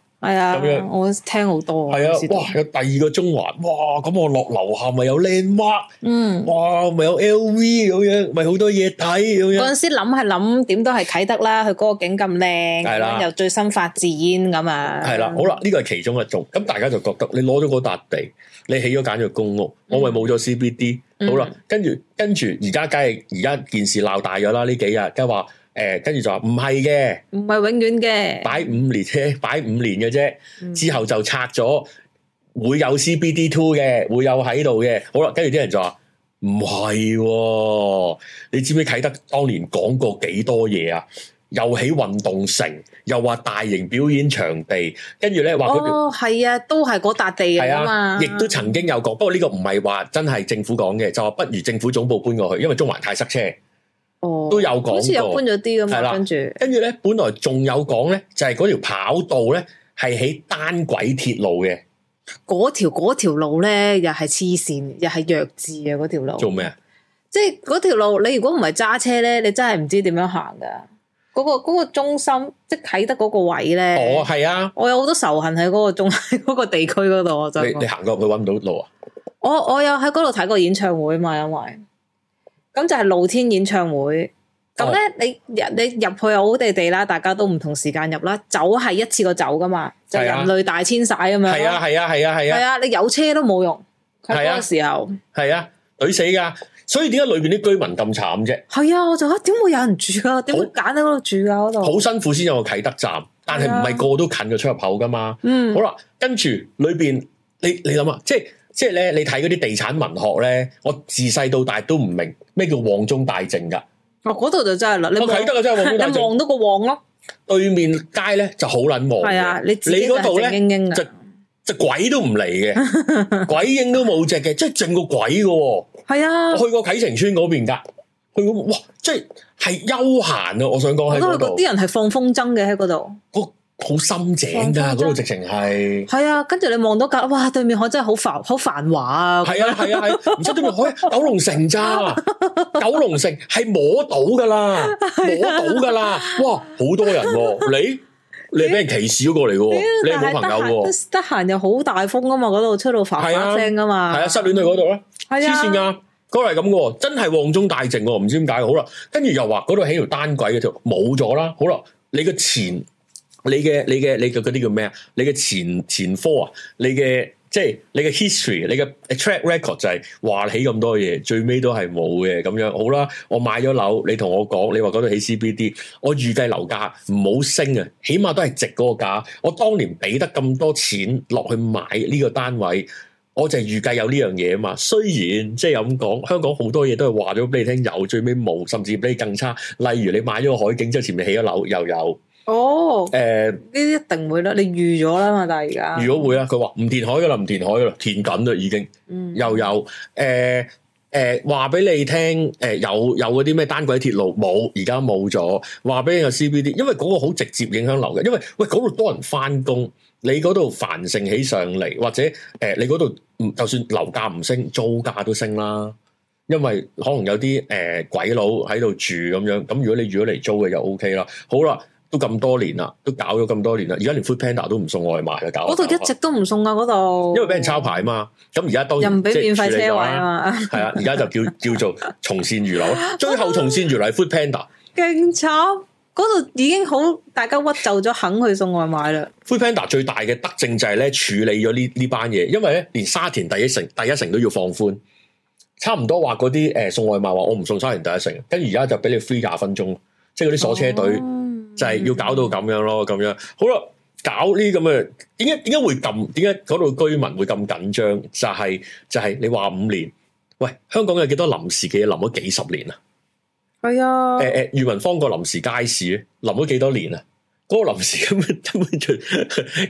係啊，我聽好多。係啊，哇，有第二個中環，哇，咁我落樓下咪有靚媽，嗯，哇，咪有 LV 咁、嗯、樣，咪好多嘢睇咁樣。嗰陣時諗係諗，點都係啟德啦，佢嗰個景咁靚，又最新發展咁啊。係啦，嗯、好啦，呢個係其中一種，咁大家就覺得你攞咗嗰笪地，你起咗簡約公屋，我咪冇咗 CBD。好啦，跟住跟住，而家梗係而家件事鬧大咗啦，呢幾日梗係話。誒，跟住、欸、就話唔係嘅，唔係永遠嘅，擺五年啫，擺五年嘅啫，嗯、之後就拆咗，會有 CBD Two 嘅，會有喺度嘅。好啦，跟住啲人就話唔係，你知唔知啟德當年講過幾多嘢啊？又起運動城，又話大型表演場地，跟住咧話哦，係啊，都係嗰笪地啊嘛，亦、啊、都曾經有講，不過呢個唔係話真係政府講嘅，就話不如政府總部搬過去，因為中環太塞車。都有講、哦，好似又搬咗啲咁樣，跟住跟住咧，本來仲有講咧，就係嗰條跑道咧係喺單軌鐵路嘅，嗰條嗰條路咧又係黐線，又係弱智啊！嗰條路做咩？即係嗰條路，你如果唔係揸車咧，你真係唔知點樣行噶。嗰個嗰個中心，即係啟德嗰個位咧。哦，係啊，我有好多仇恨喺嗰個中嗰個地區嗰度。你你行過去搵唔到路啊？我我有喺嗰度睇過演唱會嘛，因為。咁就係露天演唱會，咁咧、哦、你入你入去好地地啦，大家都唔同時間入啦，走係一次過走噶嘛，啊、就人類大遷徙咁樣，係啊係啊係啊係啊，啊，你有車都冇用，嗰、啊、個時候係啊，懟死噶，所以點解裏邊啲居民咁慘啫？係啊，我就話點會有人住啊？點會揀喺嗰度住啊？嗰度好辛苦先有個啟德站，但係唔係個個都近個出入口噶嘛？嗯，好啦，跟住裏邊你你諗啊，即係。即係咧，你睇嗰啲地產文學咧，我自細到大都唔明咩叫旺中帶靜噶。哦，嗰度就真係啦，你睇 得真係。你望到個旺咯，對面街咧就好卵旺嘅。係啊，你你嗰度咧就經經就，就鬼都唔嚟嘅， 鬼影都冇隻嘅，即係淨個鬼噶、哦。係啊，我去過啟城村嗰邊噶，去過哇，即係係悠閒啊！我想講喺嗰度，嗰啲人係放風箏嘅喺嗰度。好深井噶，嗰度直情係係啊！跟住你望到架哇，對面海真係好繁好繁華啊！係啊係啊係！唔出、啊、對面海， 九龍城咋？ 九龍城係摸到噶啦，啊、摸到噶啦！哇，好多人喎！ 你你係俾人歧視過嚟噶？哎、你係冇朋友噶？得閒又好大風噶嘛？嗰度出到嘩嘩聲噶嘛？係啊，失戀去嗰度啊！黐線噶！嗰、嗰個係咁噶，真係旺中大靜噶，唔知點解。好啦，跟住又話嗰度起條單軌嘅條，冇咗啦！好啦，你個錢。你嘅你嘅你嘅嗰啲叫咩啊？你嘅前前科啊，你嘅即係你嘅 history，你嘅 track record 就係話起咁多嘢，最尾都係冇嘅咁樣。好啦，我買咗樓，你同我講，你話嗰度起 CBD，我預計樓價唔好升啊，起碼都係值嗰個價。我當年俾得咁多錢落去買呢個單位，我就係預計有呢樣嘢啊嘛。雖然即係又咁講，香港好多嘢都係話咗俾你聽有，最尾冇，甚至比你更差。例如你買咗個海景之後，前面起咗樓又有。哦，誒，呢啲一定會啦，呃、你預咗啦嘛？但係而家預咗會啊？佢話唔填海噶啦，唔填海噶啦，填緊啦已經，嗯、又有誒誒，話、呃、俾、呃、你聽，誒、呃、有有嗰啲咩單軌鐵路冇，而家冇咗。話俾你個 C B D，因為嗰個好直接影響樓嘅，因為喂嗰度多人返工，你嗰度繁盛起上嚟，或者誒、呃、你嗰度唔就算樓價唔升，租價都升啦。因為可能有啲誒、呃、鬼佬喺度住咁樣，咁如果你預咗嚟租嘅就 O、OK、K 啦。好啦。都咁多年啦，都搞咗咁多年啦，而家連 Foodpanda 都唔送外賣啦，搞嗰度一直都唔送啊，嗰度因為俾人抄牌啊嘛，咁而家當然唔俾免費車位啊嘛，係啊，而家就叫叫做從善如流，最後從善如流係 Foodpanda，勁慘嗰、啊、度已經好大家屈就咗，肯去送外賣啦。Foodpanda 最大嘅德政就係咧處理咗呢呢班嘢，因為咧連沙田第一城第一城都要放寬，差唔多話嗰啲送外賣話我唔送沙田第一城，跟住而家就俾你 free 廿分鐘，即係嗰啲鎖車隊。啊就係要搞到咁樣咯，咁樣好啦，搞呢咁嘅，點解點解會咁？點解嗰度居民會咁緊張？就係、是、就係、是、你話五年，喂，香港有幾多臨時嘅嘢臨咗幾十年啊？係啊是呀、呃，誒誒，裕民坊個臨時街市臨咗幾多年啊？嗰、那個臨時根本 根本就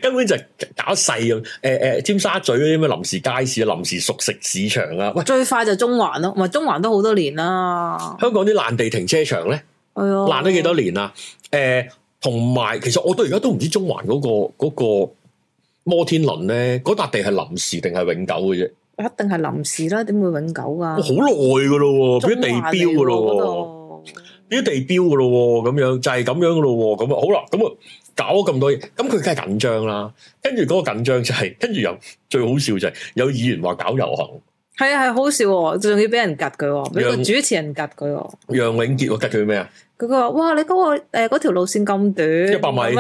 根本就搞細咁，誒、呃、誒，尖沙咀嗰啲咩臨時街市、臨時熟食市場啊？喂，最快就係中環咯，唔係中環都好多年啦。香港啲爛地停車場咧？爛咗幾多年啦？誒的，同埋、呃、其實我到都而家都唔知中環嗰、嗰個、嗰個摩天輪咧，嗰笪地係臨時定係永久嘅啫？一定係臨時啦，點會永久噶？好耐噶咯，變咗地標噶咯，變咗地標噶咯，咁樣就係咁樣咯，咁啊好啦，咁啊搞咗咁多嘢，咁佢梗係緊張啦。跟住嗰個緊張就係，跟住又最好笑就係有議員話搞遊行。係啊，係好笑，仲要俾人夾佢，俾個主持人夾佢。楊永傑我夾佢咩啊？佢佢話：哇，你嗰個誒條路線咁短，一百米，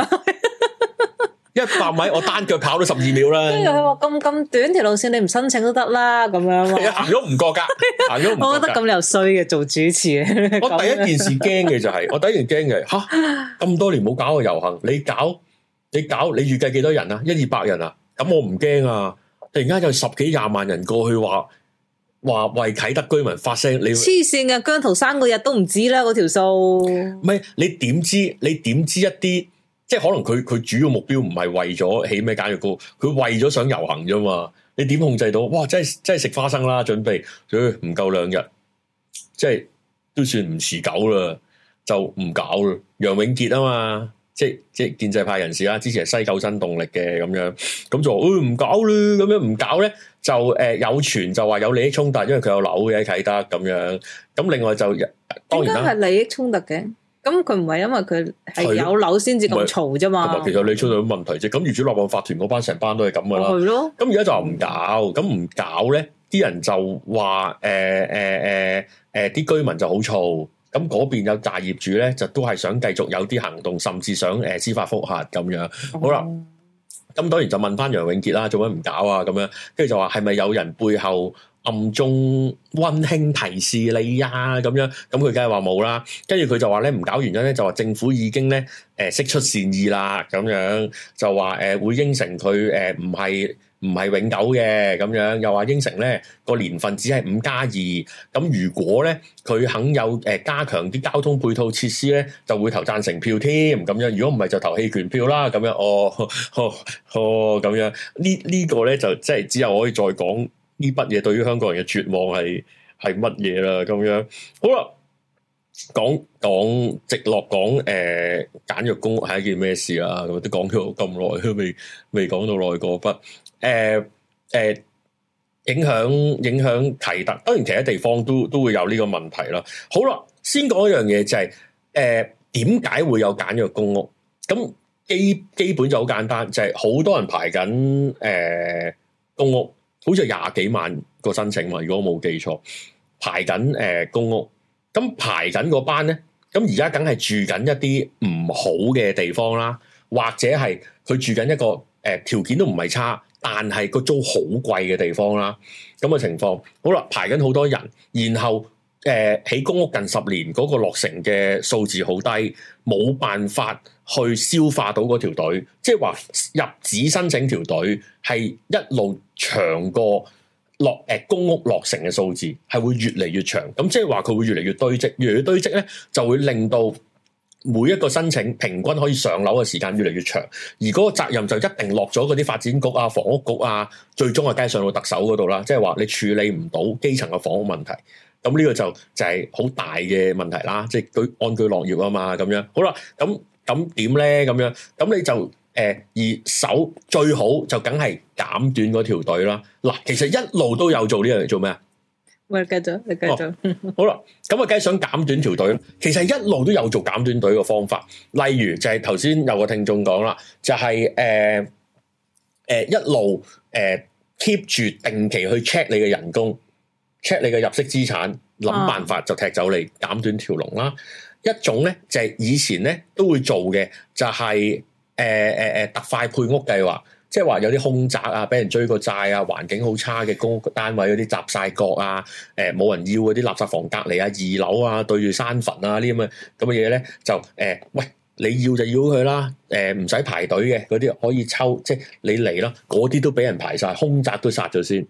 一百 米，我單腳跑都十二秒啦。跟住佢話：咁咁，嗯，短條路線，你唔申請都得啦，咁樣。如果唔覺噶，行咗唔覺。我覺得咁又衰嘅，做主持我第一件事驚嘅就係、係 就係，我第一件驚嘅，吓，咁多年冇搞過遊行，你搞你搞，你預計幾多人啊？一二百人啊？咁我唔驚啊！突然間有十幾廿萬人過去話，話為啟德居民發聲，你黐線嘅，姜濤生嗰日都唔止啦，嗰條數。係、嗯、你點知？你點知一啲？即係可能佢佢主要目標唔係為咗起咩簡約屋，佢為咗想遊行啫嘛。你點控制到？哇！真係真係食花生啦，準備，所以唔夠兩日，即係都算唔持久啦，就唔搞啦。楊永杰啊嘛。即即建制派人士啦，支持西九新動力嘅，咁樣，咁就唔、欸、搞咧，咁樣唔搞咧就誒、呃、有傳就話有利益衝突，因為佢有樓嘅喺啟德咁樣，咁另外就當然啦，係利益衝突嘅，咁佢唔係因為佢係有樓先至咁嘈啫嘛。其實你出咗問題啫，咁業主立案法團嗰班成班都係咁噶啦。係咯。咁而家的就唔搞，咁唔的搞咧，啲人就話誒誒誒誒，啲、呃呃呃呃呃、居民就好嘈。咁嗰邊有大業主咧，就都係想繼續有啲行動，甚至想誒、呃、司法覆核咁樣。嗯、好啦，咁當然就問翻楊永傑啦，做乜唔搞啊？咁樣，跟住就話係咪有人背後暗中溫馨提示你啊？咁樣，咁佢梗係話冇啦。跟住佢就話咧唔搞原因咧，就話政府已經咧誒釋出善意啦，咁樣就話誒、呃、會應承佢誒唔係。呃唔係永久嘅，咁樣，又話應承咧，個年份只係五加二。咁如果咧佢肯有誒加強啲交通配套設施咧，就會投贊成票添咁樣。如果唔係就投棄權票啦咁樣。哦哦哦咁樣。這個、呢呢個咧就即係之後可以再講呢筆嘢對於香港人嘅絕望係係乜嘢啦咁樣。好啦，講講直落講誒簡約公屋係一件咩事啊？咁都講咗咁耐，都未未講到耐過筆。誒誒、呃呃，影響影響提得，當然其他地方都都會有呢個問題啦。好啦，先講一樣嘢就係、是，誒點解會有簡約公屋？咁基基本就好簡單，就係、是、好多人排緊誒、呃、公屋，好似廿幾萬個申請嘛，如果我冇記錯，排緊誒、呃、公屋。咁排緊嗰班咧，咁而家梗係住緊一啲唔好嘅地方啦，或者係佢住緊一個誒、呃、條件都唔係差。但係個租好貴嘅地方啦，咁嘅情況，好啦排緊好多人，然後誒起、呃、公屋近十年嗰、那個落成嘅數字好低，冇辦法去消化到嗰條隊，即係話入紙申請條隊係一路長過落、呃、公屋落成嘅數字，係會越嚟越長，咁即係話佢會越嚟越堆積，越嚟越堆積咧就會令到。每一個申請平均可以上樓嘅時間越嚟越長，而嗰個責任就一定落咗嗰啲發展局啊、房屋局啊，最終係街上到特首嗰度啦，即係話你處理唔到基層嘅房屋問題，咁呢個就就係好大嘅問題啦，即係安居樂業啊嘛咁樣。好啦，咁咁點咧咁樣？咁你就誒而手最好就梗係減短嗰條隊啦。嗱，其實一路都有做呢樣嘢做咩？我繼續，你繼續。 哦、好啦，咁啊，梗係想減短條隊。其實一路都有做減短隊嘅方法，例如就係頭先有個聽眾講啦，就係誒誒一路誒 keep 住定期去 check 你嘅人工，check 你嘅入息資產，諗辦法就踢走你，減、哦、短條龍啦。一種咧就係、是、以前咧都會做嘅，就係誒誒誒特快配屋計劃。即係話有啲空宅啊，俾人追過債啊，環境好差嘅公屋單位嗰啲，有集晒角啊，誒、呃、冇人要嗰啲垃圾房隔籬啊，二樓啊，對住山墳啊啲咁嘅咁嘅嘢咧，就誒、呃、喂你要就要佢啦，誒唔使排隊嘅嗰啲可以抽，即係你嚟啦，嗰啲都俾人排晒，空宅都殺咗先，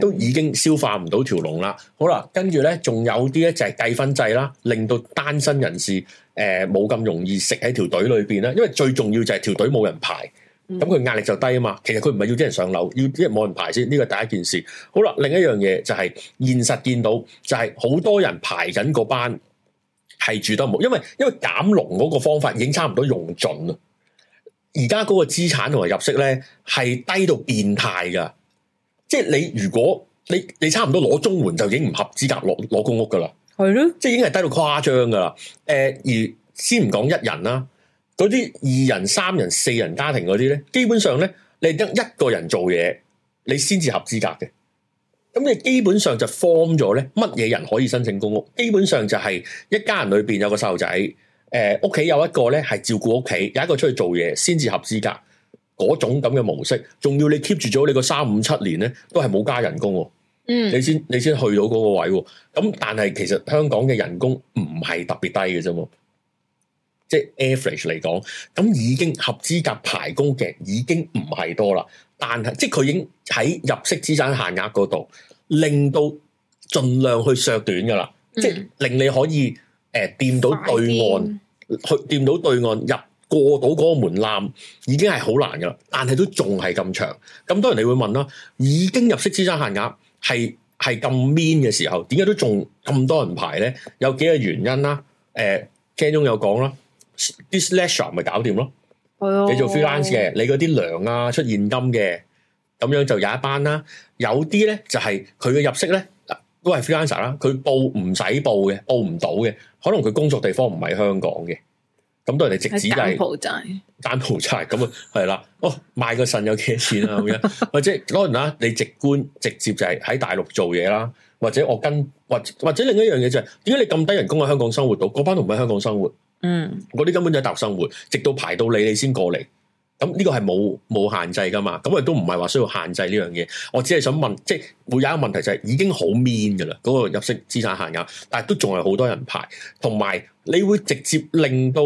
都已經消化唔到條龍啦。好啦，跟住咧仲有啲咧就係、是、計分制啦，令到單身人士誒冇咁容易食喺條隊裏邊啦，因為最重要就係條隊冇人排。咁佢壓力就低啊嘛，其實佢唔係要啲人上樓，要啲人冇人排先，呢個第一件事。好啦，另一樣嘢就係、是、現實見到，就係好多人排緊嗰班係住得冇，因為因為減籠嗰個方法已經差唔多用盡啦。而家嗰個資產同埋入息咧係低到變態噶，即係你如果你你差唔多攞綜援就已經唔合資格攞攞公屋噶啦，係咯的，即係已經係低到誇張噶啦。誒而先唔講一人啦。嗰啲二人、三人、四人家庭嗰啲咧，基本上咧，你得一個人做嘢，你先至合資格嘅。咁你基本上就 form 咗咧，乜嘢人可以申請公屋？基本上就係一家人裏邊有個細路仔，誒、呃，屋企有一個咧係照顧屋企，有一個出去做嘢，先至合資格。嗰種咁嘅模式，仲要你 keep 住咗你個三五七年咧，都係冇加人工。嗯，你先你先去到嗰個位。咁但係其實香港嘅人工唔係特別低嘅啫。即係 average 嚟講，咁已經合資格排工嘅已經唔係多啦。但係即係佢已經喺入息資產限額嗰度，令到盡量去削短㗎啦。嗯、即係令你可以誒掂、呃、到對岸，去掂到對岸入過到嗰個門檻，已經係好難㗎啦。但係都仲係咁長。咁多人你會問啦，已經入息資產限額係係咁 mean 嘅時候，點解都仲咁多人排咧？有幾個原因啦、啊。誒、呃，聽中有講啦。This lecture 咪搞掂咯，你做 freelance 嘅，你嗰啲糧啊，出現金嘅，咁樣就有一班啦、啊。有啲咧就係佢嘅入息咧都係 freelancer 啦，佢報唔使報嘅，報唔到嘅，可能佢工作地方唔係香港嘅，咁都係你直指就係單蒲寨， 單蒲寨咁啊係啦。哦，賣個腎有幾多錢啊咁樣， 或者當然啦，你直觀直接就係喺大陸做嘢啦，或者我跟或者或者另一樣嘢就係、是，點解你咁低人工喺香港生活到，嗰班都唔喺香港生活。嗯，嗰啲根本就係大學生活，直到排到你，你先過嚟。咁呢個係冇冇限制噶嘛？咁我亦都唔係話需要限制呢樣嘢。我只係想問，即係會有一個問題就係、是、已經好 mean 噶啦。嗰個入息資產限額，但係都仲係好多人排，同埋你會直接令到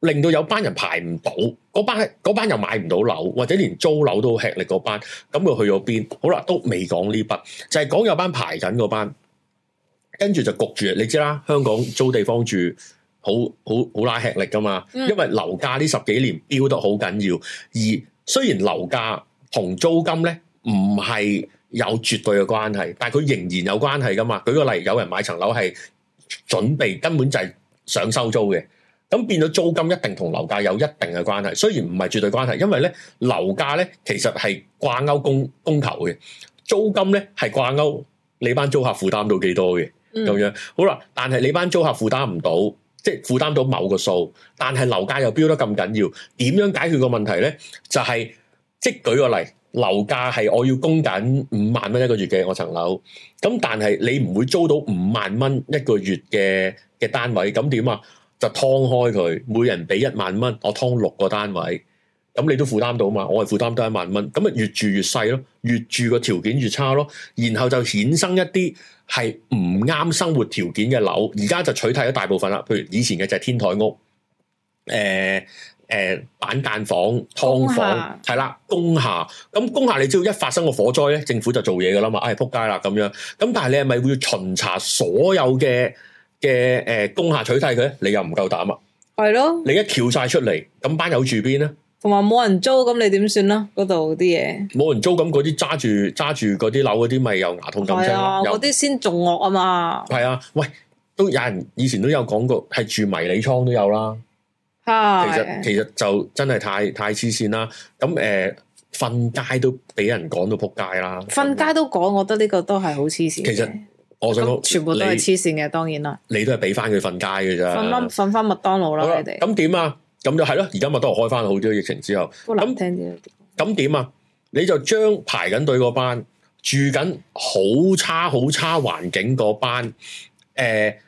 令到有班人排唔到，嗰班嗰班又買唔到樓，或者連租樓都好吃力嗰班，咁佢去咗邊？好啦，都未講呢筆，就係、是、講有班排緊嗰班，跟住就焗住。你知啦，香港租地方住。好好好，好好拉，吃力噶嘛，因為樓價呢十幾年飆得好緊要，而雖然樓價同租金咧唔係有絕對嘅關係，但係佢仍然有關係噶嘛。舉個例，有人買層樓係準備根本就係想收租嘅，咁變咗租金一定同樓價有一定嘅關係。雖然唔係絕對關係，因為咧樓價咧其實係掛鈎供供求嘅，租金咧係掛鈎你班租客負擔到幾多嘅咁、嗯、樣。好啦，但係你班租客負擔唔到。即係負擔到某個數，但係樓價又飆得咁緊要，點樣解決個問題咧？就係、即係舉個例，樓價係我要供緊五萬蚊一個月嘅我層樓，咁但係你唔會租到五萬蚊一個月嘅嘅單位，咁點啊？就劏開佢，每人俾一萬蚊，我劏六個單位。咁你都負擔到嘛？我係負擔得一萬蚊，咁咪越住越細咯，越住個條件越差咯。然後就衍生一啲係唔啱生活條件嘅樓，而家就取締咗大部分啦。譬如以前嘅就係天台屋、誒、呃、誒、呃、板間房、劏房，係啦下，工廈。咁工廈你只要一發生個火災咧，政府就做嘢噶啦嘛，唉、哎，撲街啦咁樣。咁但係你係咪會巡查所有嘅嘅誒工廈取締佢？你又唔夠膽啊？係咯的，你一跳晒出嚟，咁班友住邊咧？同埋冇人租，咁你點算啦？嗰度啲嘢冇人租，咁嗰啲揸住揸住嗰啲樓嗰啲，咪又牙痛咁聲咯。有啲先仲惡啊嘛！係又啊，啊，喂，都有人以前都有講過，係住迷你倉都有啦。啊、其實其實就真係太太黐線啦。咁誒，瞓、呃、街都俾人講到仆街啦。瞓街都講，我覺得呢個都係好黐線。其實我想講全部都係黐線嘅，你當然啦。你都係俾翻佢瞓街嘅啫，瞓翻瞓翻麥當勞啦，你哋咁點啊？咁就係咯，而家咪都係開翻好多疫情之後，咁點啊？你就將排緊隊嗰班住緊好差好差環境嗰班，誒、呃，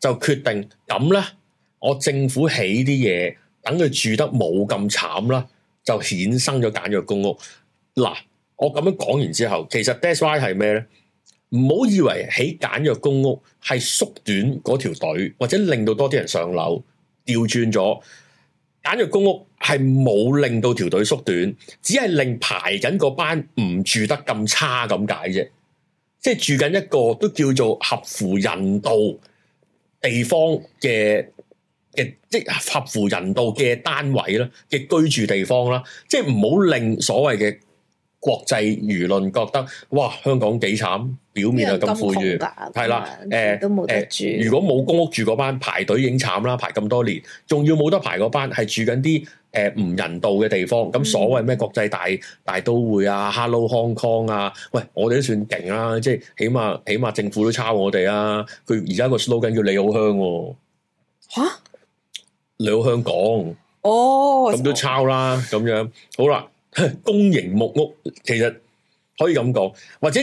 就決定咁啦。我政府起啲嘢，等佢住得冇咁慘啦，就衍生咗簡約公屋。嗱，我咁樣講完之後，其實 that's why 係咩咧？唔好以為起簡約公屋係縮短嗰條隊，或者令到多啲人上樓，調轉咗。簡約公屋係冇令到條隊縮短，只係令排緊嗰班唔住得咁差咁解啫。即係住緊一個都叫做合乎人道地方嘅嘅即合乎人道嘅單位啦，嘅居住地方啦。即係唔好令所謂嘅國際輿論覺得哇，香港幾慘。表面就咁富裕，係啦，誒都冇住、呃呃。如果冇公屋住嗰班排隊已經慘啦，排咁多年，仲要冇得排嗰班係住緊啲誒唔人道嘅地方，咁所謂咩國際大大都會啊、嗯、Hello Hong Kong 啊，喂，我哋都算勁啦，即係起碼起碼政府都抄我哋啊，佢而家個 slogan 叫你好香喎，嚇、啊啊、你好香港，哦，咁都抄啦，咁樣好啦，公營木屋其實可以咁講，或者。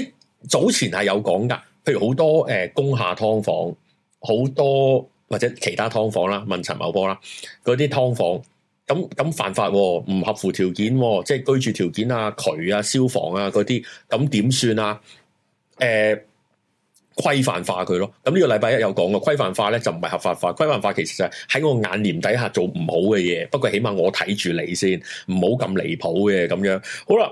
早前係有講噶，譬如好多誒工廈劏房，好多或者其他劏房啦，問陳茂波啦，嗰啲劏房，咁咁犯法、喎，唔合乎條件、喎，即係居住條件啊、渠啊、消防啊嗰啲，咁點算啊？誒、呃，規範化佢咯，咁、這、呢個禮拜一有講嘅規範化咧，就唔係合法化，規範化其實就喺我眼簾底下做唔好嘅嘢，不過起碼我睇住你先，唔好咁離譜嘅咁樣。好啦，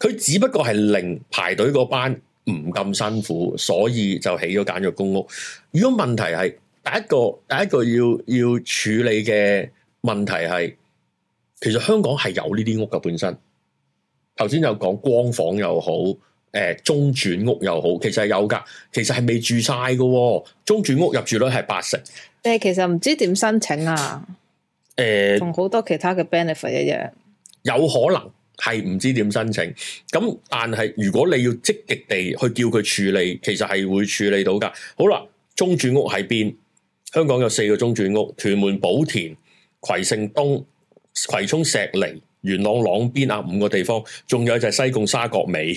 佢只不過係令排隊嗰班。唔咁辛苦，所以就起咗簡約公屋。如果問題係，第一個第一個要要處理嘅問題係，其實香港係有呢啲屋嘅本身。頭先有講光房又好，誒中轉屋又好，其實係有噶，其實係未住晒噶。中轉屋入住率係八成。誒，其實唔知點申請啊？誒、呃，同好多其他嘅 benefit 一樣，有可能。係唔知點申請，咁但係如果你要積極地去叫佢處理，其實係會處理到噶。好啦，中轉屋喺邊？香港有四個中轉屋：屯門、寶田、葵盛東、葵涌石籬、元朗朗邊啊，五個地方，仲有就係西貢沙角尾。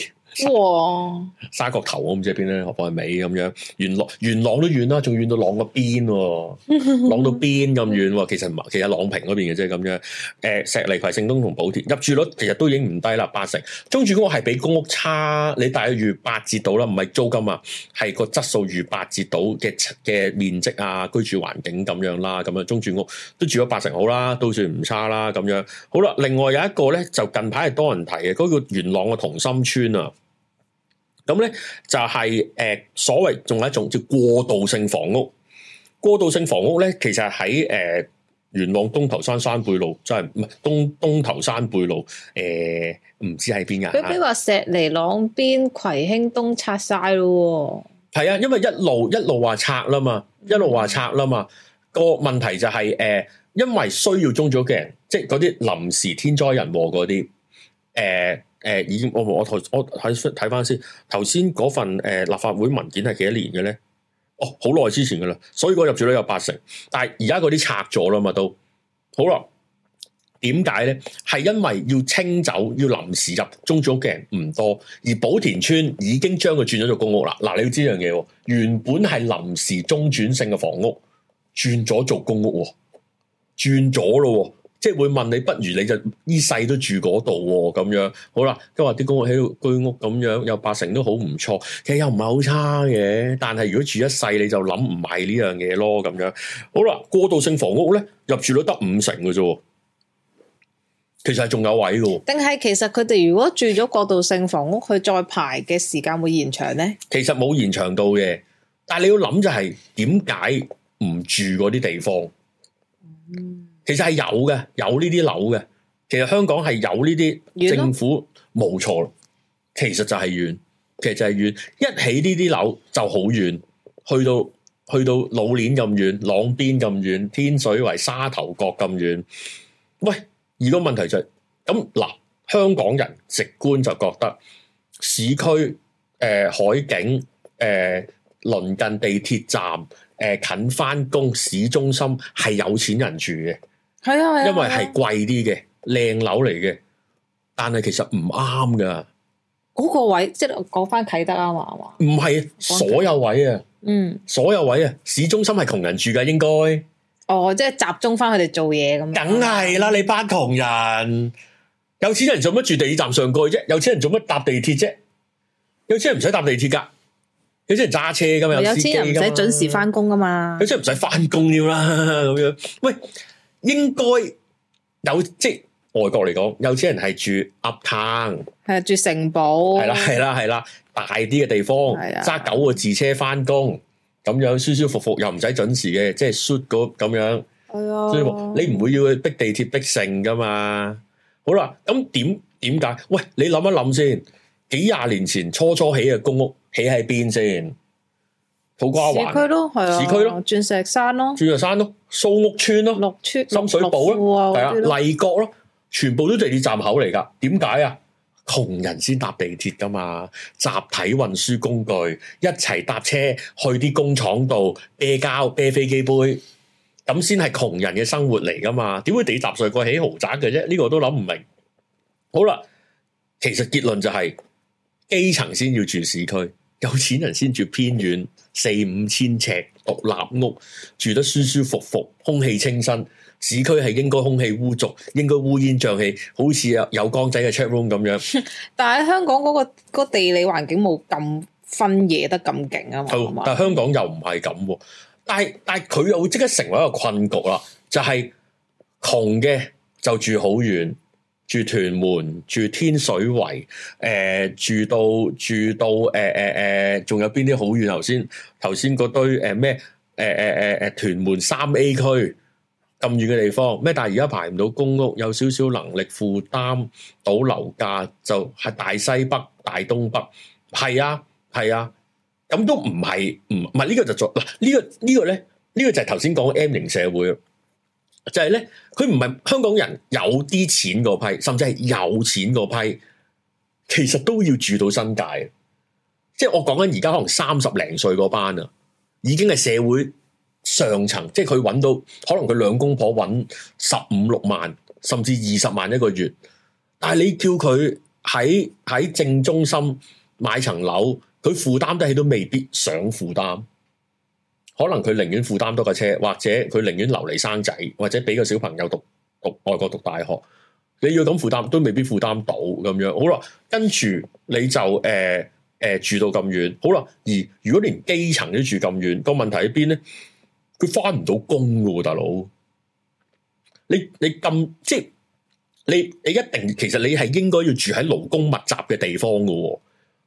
哇！沙角頭我唔知係邊咧？或係尾咁樣。元朗元朗都遠啦，仲遠到朗個邊，啊， 朗到邊咁遠。其實唔係，其實朗平嗰邊嘅，啫咁樣。誒、呃，石泥葵、聖東同寶田入住率其實都已經唔低啦，八成。中住屋係比公屋差，你大約八折到啦，唔係租金啊，係個質素，住八折到嘅嘅面積啊，居住環境咁樣啦，咁樣中住屋都住咗八成好啦，都算唔差啦咁樣。好啦，另外有一個咧，就近排係多人提嘅，嗰、嗰個元朗嘅同心村啊。咁咧就係、是、誒、呃，所謂仲有一種叫過渡性房屋。過渡性房屋咧，其實喺誒、呃、元朗東頭山山背路，即係唔係東東頭山背路誒，唔、呃、知喺邊噶？佢比如話石籬朗邊葵興東拆晒咯，係啊，因為一路一路話拆啦嘛，一路話拆啦嘛。個問題就係、是、誒、呃，因為需要中咗嘅人，即係嗰啲臨時天災人禍嗰啲誒。呃誒，已經、嗯、我我頭我睇翻睇翻先，頭先嗰份誒、呃、立法會文件係幾多年嘅咧？哦，好耐之前噶啦，所以嗰入住率有八成，但係而家嗰啲拆咗啦嘛，都好啦。點解咧？係因為要清走，要臨時入中轉屋嘅人唔多，而寶田村已經將佢轉咗做公屋啦。嗱，你要知一樣嘢，原本係臨時中轉性嘅房屋，轉咗做公屋，轉咗咯。即係會問你，不如你就依世都住嗰度咁樣。好啦，今日話啲公屋喺居屋咁樣，有八成都好唔錯，其實又唔係好差嘅。但係如果住一世，你就諗唔埋呢樣嘢咯。咁樣好啦，過渡性房屋咧，入住都得五成嘅啫，其實係仲有位喎。定係其實佢哋如果住咗過渡性房屋，佢再排嘅時間會延長咧？其實冇延長到嘅，但係你要諗就係點解唔住嗰啲地方？嗯。其實係有嘅，有呢啲樓嘅。其實香港係有呢啲政府冇錯，其實就係遠，其實就係遠。一起呢啲樓就好遠，去到去到老年咁遠，朗邊咁遠，天水圍沙頭角咁遠。喂，而個問題就係咁。嗱，香港人直觀就覺得市區誒、呃、海景誒、呃、鄰近地鐵站誒、呃、近返工市中心係有錢人住嘅。係啊，是啊是啊，因為係貴啲嘅靚樓嚟嘅，但係其實唔啱噶。嗰個位即係講翻啟德啊嘛，係嘛？唔係，所有位啊，嗯，所有位啊，嗯，市中心係窮人住噶，應該。哦，即係集中翻佢哋做嘢咁。梗係啦，你班窮人，有錢人做乜住地鐵站上蓋啫？有錢人做乜搭地鐵啫？有錢人唔使搭地鐵噶，有錢人揸車噶嘛，有，有錢人唔使準時翻工噶嘛，有錢人唔使翻工要啦咁樣。喂。應該有即係外國嚟講，有錢人係住 up town，係住城堡，係啦係啦係啦，大啲嘅地方，揸九的個字車翻工咁樣舒舒服服，又唔使準時嘅，即係 short 嗰咁樣，所以的你唔會要逼地鐵逼成噶嘛。好啦，咁點點解？喂，你諗一諗先，幾廿年前初初起嘅公屋起喺邊先？土瓜灣，市區咯，係啊，市區咯，鑽石山咯，鑽石山咯，蘇屋村咯，六村，深水埗咯，係啊，麗閣的咯，咯全部都地鐵站口嚟噶。點解啊？窮人先搭地鐵噶嘛，集體運輸工具，一齊搭車去啲工廠度，啤膠，啤飛機杯，咁先係窮人嘅生活嚟噶嘛。點會地閘稅貴起豪宅嘅啫？呢、這個我都諗唔明。好啦，其實結論就係、是、基層先要住市區，有錢人先住偏遠。四五千尺獨立屋住得舒舒服服，空氣清新。市區係應該空氣污濁，應該烏煙瘴氣，好似啊有江仔嘅 check room 咁樣。但係香港嗰個個地理環境冇咁分野得咁勁啊嘛。但係香港又唔係咁，但係但係佢又即刻成為一個困局啦。就係窮嘅就住好遠。住屯門，住天水圍，誒住到住到，誒誒誒，仲、呃呃、有邊啲好遠？頭先頭先嗰堆誒咩？誒誒誒誒，屯門三 A 區咁遠嘅地方咩？但係而家排唔到公屋，有少少能力負擔到樓價，就係大西北、大東北，係啊係啊，咁、啊、都唔係唔唔係呢個就做嗱呢、這個這個呢個咧，呢、這個就係頭先講嘅 M 型社會。就係咧，佢唔係香港人有啲錢嗰批，甚至係有錢嗰批，其實都要住到新界。即係我講緊而家可能三十零歲嗰班啊，已經係社會上層，即係佢搵到可能佢兩公婆搵十五六萬，甚至二十萬一個月。但係你叫佢喺喺正中心買層樓，佢負擔得起都未必想負擔。可能佢寧願負擔多架車，或者佢寧願留嚟生仔或者俾個小朋友讀讀，讀，讀外國讀大學。你要咁負擔都未必負擔到咁樣。好啦，跟住你就誒誒、呃呃、住到咁遠。好啦，而如果連基層都住咁遠，個問題喺邊咧？佢返唔到工噶大佬，你你咁即係你你一定其實你係應該要住喺勞工密集嘅地方噶。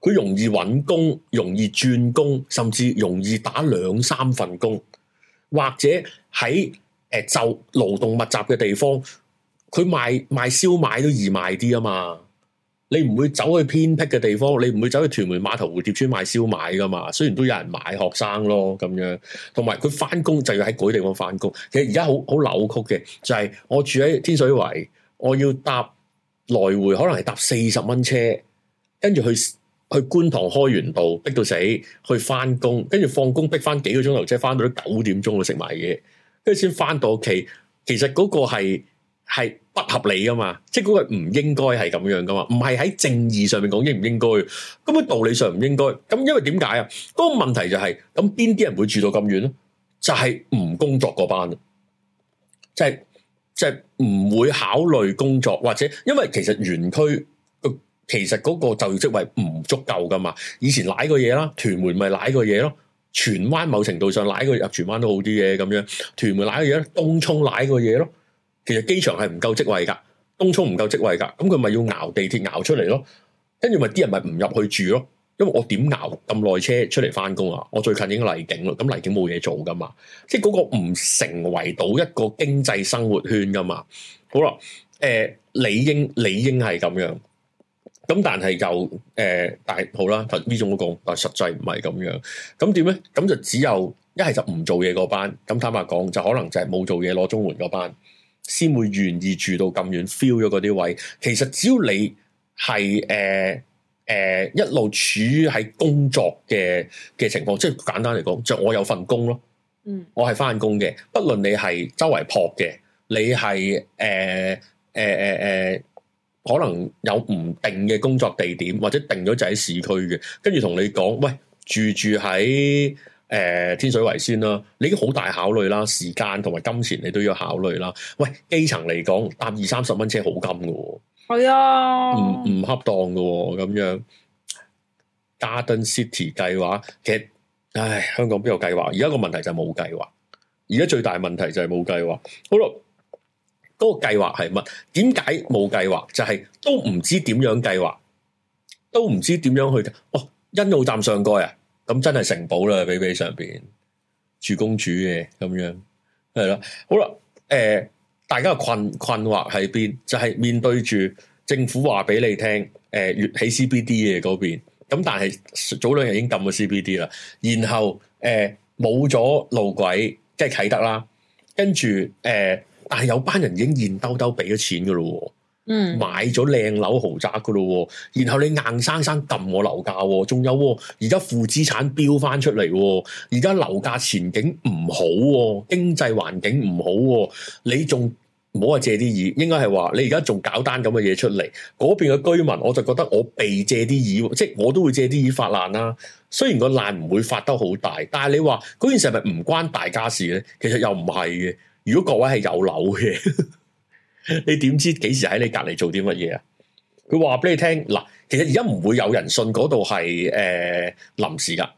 佢容易揾工，容易轉工，甚至容易打兩三份工。或者喺誒、呃、就勞動密集嘅地方，佢賣賣燒賣都易賣啲啊嘛。你唔會走去偏僻嘅地方，你唔會走去屯門碼頭蝴蝶村賣燒賣㗎嘛。雖然都有人買學生咯，咁樣同埋佢返工就要喺嗰啲地方返工。其實而家好好扭曲嘅就係、係、我住喺天水圍，我要搭來回可能係搭四十蚊車，跟住去。去觀塘開源道逼到死，去翻工，跟住放工逼翻幾個鐘頭車，翻到都九點鐘去食埋嘢，跟住先翻到屋企。其實嗰個係係不合理噶嘛，即係嗰個唔應該係咁樣噶嘛，唔係喺正義上面講應唔應該，根本道理上唔應該。咁因為點解啊？嗰個問題就係咁邊啲人會住到咁遠咧？就係唔工作嗰班，就係就係唔會考慮工作或者，因為其實園區。其實嗰個就業職位唔足夠噶嘛？以前舐個嘢啦，屯門咪舐個嘢咯，荃灣某程度上舐個入荃灣都好啲嘢。咁樣，屯門舐個嘢咧，東涌舐個嘢咯。其實機場係唔夠職位噶，東涌唔夠職位噶，咁佢咪要熬地鐵熬出嚟咯。跟住咪啲人咪唔入去住咯，因為我點熬咁耐車出嚟返工啊？我最近已經嚟景啦，咁嚟景冇嘢做噶嘛，即係嗰個唔成為到一個經濟生活圈噶嘛。好啦，誒、呃，理應理應係咁樣。咁但係就誒，大、欸、好啦，呢種講，但實際唔係咁樣。咁點咧？咁、嗯嗯、就只有一係就唔做嘢嗰班。咁坦白講，就可能就係冇做嘢攞綜援嗰班，先會願意住到咁遠 feel 咗嗰啲位。其實只要你係誒誒一路處於喺工作嘅嘅情況，即係簡單嚟講，就是、我有份工咯。嗯，我係翻工嘅，不論你係周圍撲嘅，你係誒誒誒誒。呃呃呃呃可能有唔定嘅工作地點，或者定咗就喺市區嘅，跟住同你講，喂，住住喺誒、呃、天水圍先啦。你已經好大考慮啦，時間同埋金錢你都要考慮啦。喂，基層嚟講搭二三十蚊車好金嘅，係啊，不，唔唔恰當嘅咁樣。Garden City 計劃其實，唉，香港邊有計劃？而家個問題就係冇計劃。而家最大問題就係冇計劃。好啦。個計劃係乜？點解冇計劃？就係、是、都唔知點樣計劃，都唔知點樣去。哦，欣澳站上蓋啊！咁真係城堡啦，比比上邊住公主嘅咁樣係啦。好啦，誒、呃，大家嘅困困惑喺邊？就係、是、面對住政府話俾你聽，誒、呃，起 CBD 嘅嗰邊，咁但係早兩日已經撳咗 CBD 啦。然後誒，冇咗路軌，即係啟德啦。跟住誒。呃但係有班人已經現兜兜俾咗錢噶咯，嗯，買咗靚樓豪宅噶咯，然後你硬生生撳我樓價，仲有而家負資產飆翻出嚟，而家樓價前景唔好，經濟環境唔好，你仲唔好話借啲意，應該係話你而家仲搞單咁嘅嘢出嚟，嗰邊嘅居民我就覺得我被借啲意，即係我都會借啲意發爛啦。雖然個爛唔會發得好大，但係你話嗰件事係咪唔關大家事咧？其實又唔係嘅。如果各位係有樓嘅， 你點知幾時喺你隔籬做啲乜嘢啊？佢話俾你聽嗱，其實而家唔會有人信嗰度係誒臨時噶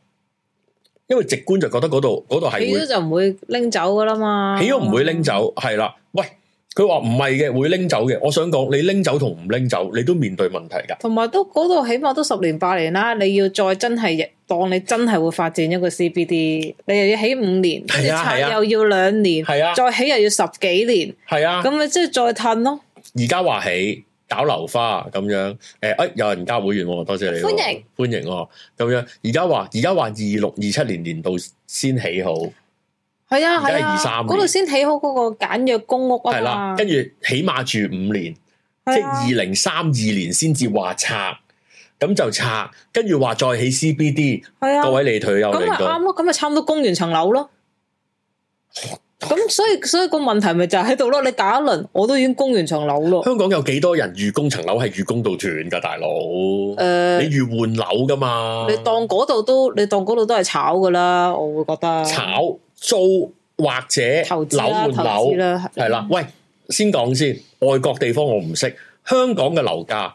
因為直觀就覺得嗰度，嗰度係，起咗就唔會拎走噶啦嘛，起咗唔會拎走，係啦，喂。佢話唔係嘅會拎走嘅，我想講你拎走同唔拎走，你都面對問題噶。同埋都嗰度起碼都十年八年啦，你要再真係當你真係會發展一個 CBD，你又要起五年，啊、又要兩年，係啊，再起又要十幾年，係啊，咁你即係再褪咯。而家話起搞樓花咁樣，誒、欸，有人加會員，多謝你，歡迎歡迎，咁、啊、樣而家話而家話二六二七年年度先起好。係啊，而家二三嗰度先起好嗰個簡約公屋啊，係啦、啊，跟住起碼住五年，即係二零三二年先至話拆，咁就拆，跟住話再起 CBD，係啊，各位對多位你退休嚟，咁咪啱咯，咁咪差唔多供完層樓咯，咁所以所以個問題咪就喺度咯，你搞一輪我都已經供完層樓咯，香港有幾多人住供層樓係住供到斷噶大佬？誒、呃，你住換樓噶嘛你？你當嗰度都你當嗰度都係炒噶啦，我會覺得炒。租或者樓換樓係啦，喂，先講先。外國地方我唔識，香港嘅樓價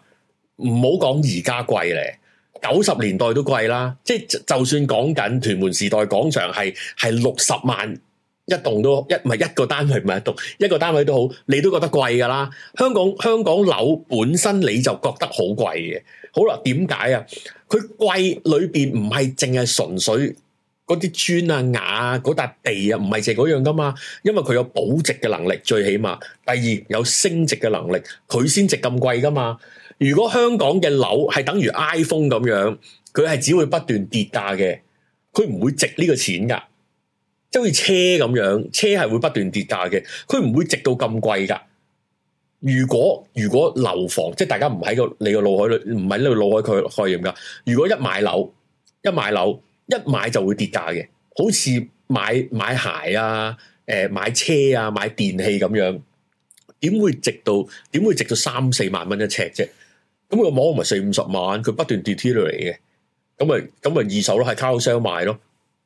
唔好講而家貴咧，九十年代都貴啦。即係就算講緊屯門時代廣場係係六十萬一棟都一唔係一個單位唔係一棟一個單位都好，你都覺得貴㗎啦。香港香港樓本身你就覺得好貴嘅。好啦，點解啊？佢貴裏邊唔係淨係純粹。嗰啲磚啊瓦啊嗰笪地啊，唔係淨係嗰樣噶嘛，因為佢有保值嘅能力，最起碼，第二有升值嘅能力，佢先值咁貴噶嘛。如果香港嘅樓係等於 iPhone 咁樣，佢係只會不斷跌價嘅，佢唔會值呢個錢噶，即係好似車咁樣，車係會不斷跌價嘅，佢唔會值到咁貴噶。如果如果樓房，即係大家唔喺個你個腦海裏唔喺呢個腦海區概念噶，如果一買樓一買樓。一買就會跌價嘅，好似買買鞋啊、誒、呃、買車啊、買電器咁樣，點會值到點會值到三四萬蚊一尺啫？咁佢個模咪四五十萬，佢不斷跌跌落嚟嘅，咁咪咁咪二手咯，係 car show 賣咯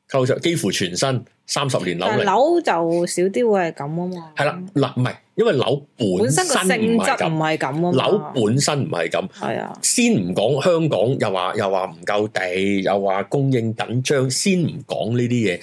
，car show 幾乎全新。三十年樓，樓就少啲會係咁啊嘛。係啦，嗱，唔係，因為樓本身個性質唔係咁。樓本身唔係咁。係啊。先唔講香港，又話又話唔夠地，又話供應緊張，先唔講呢啲嘢。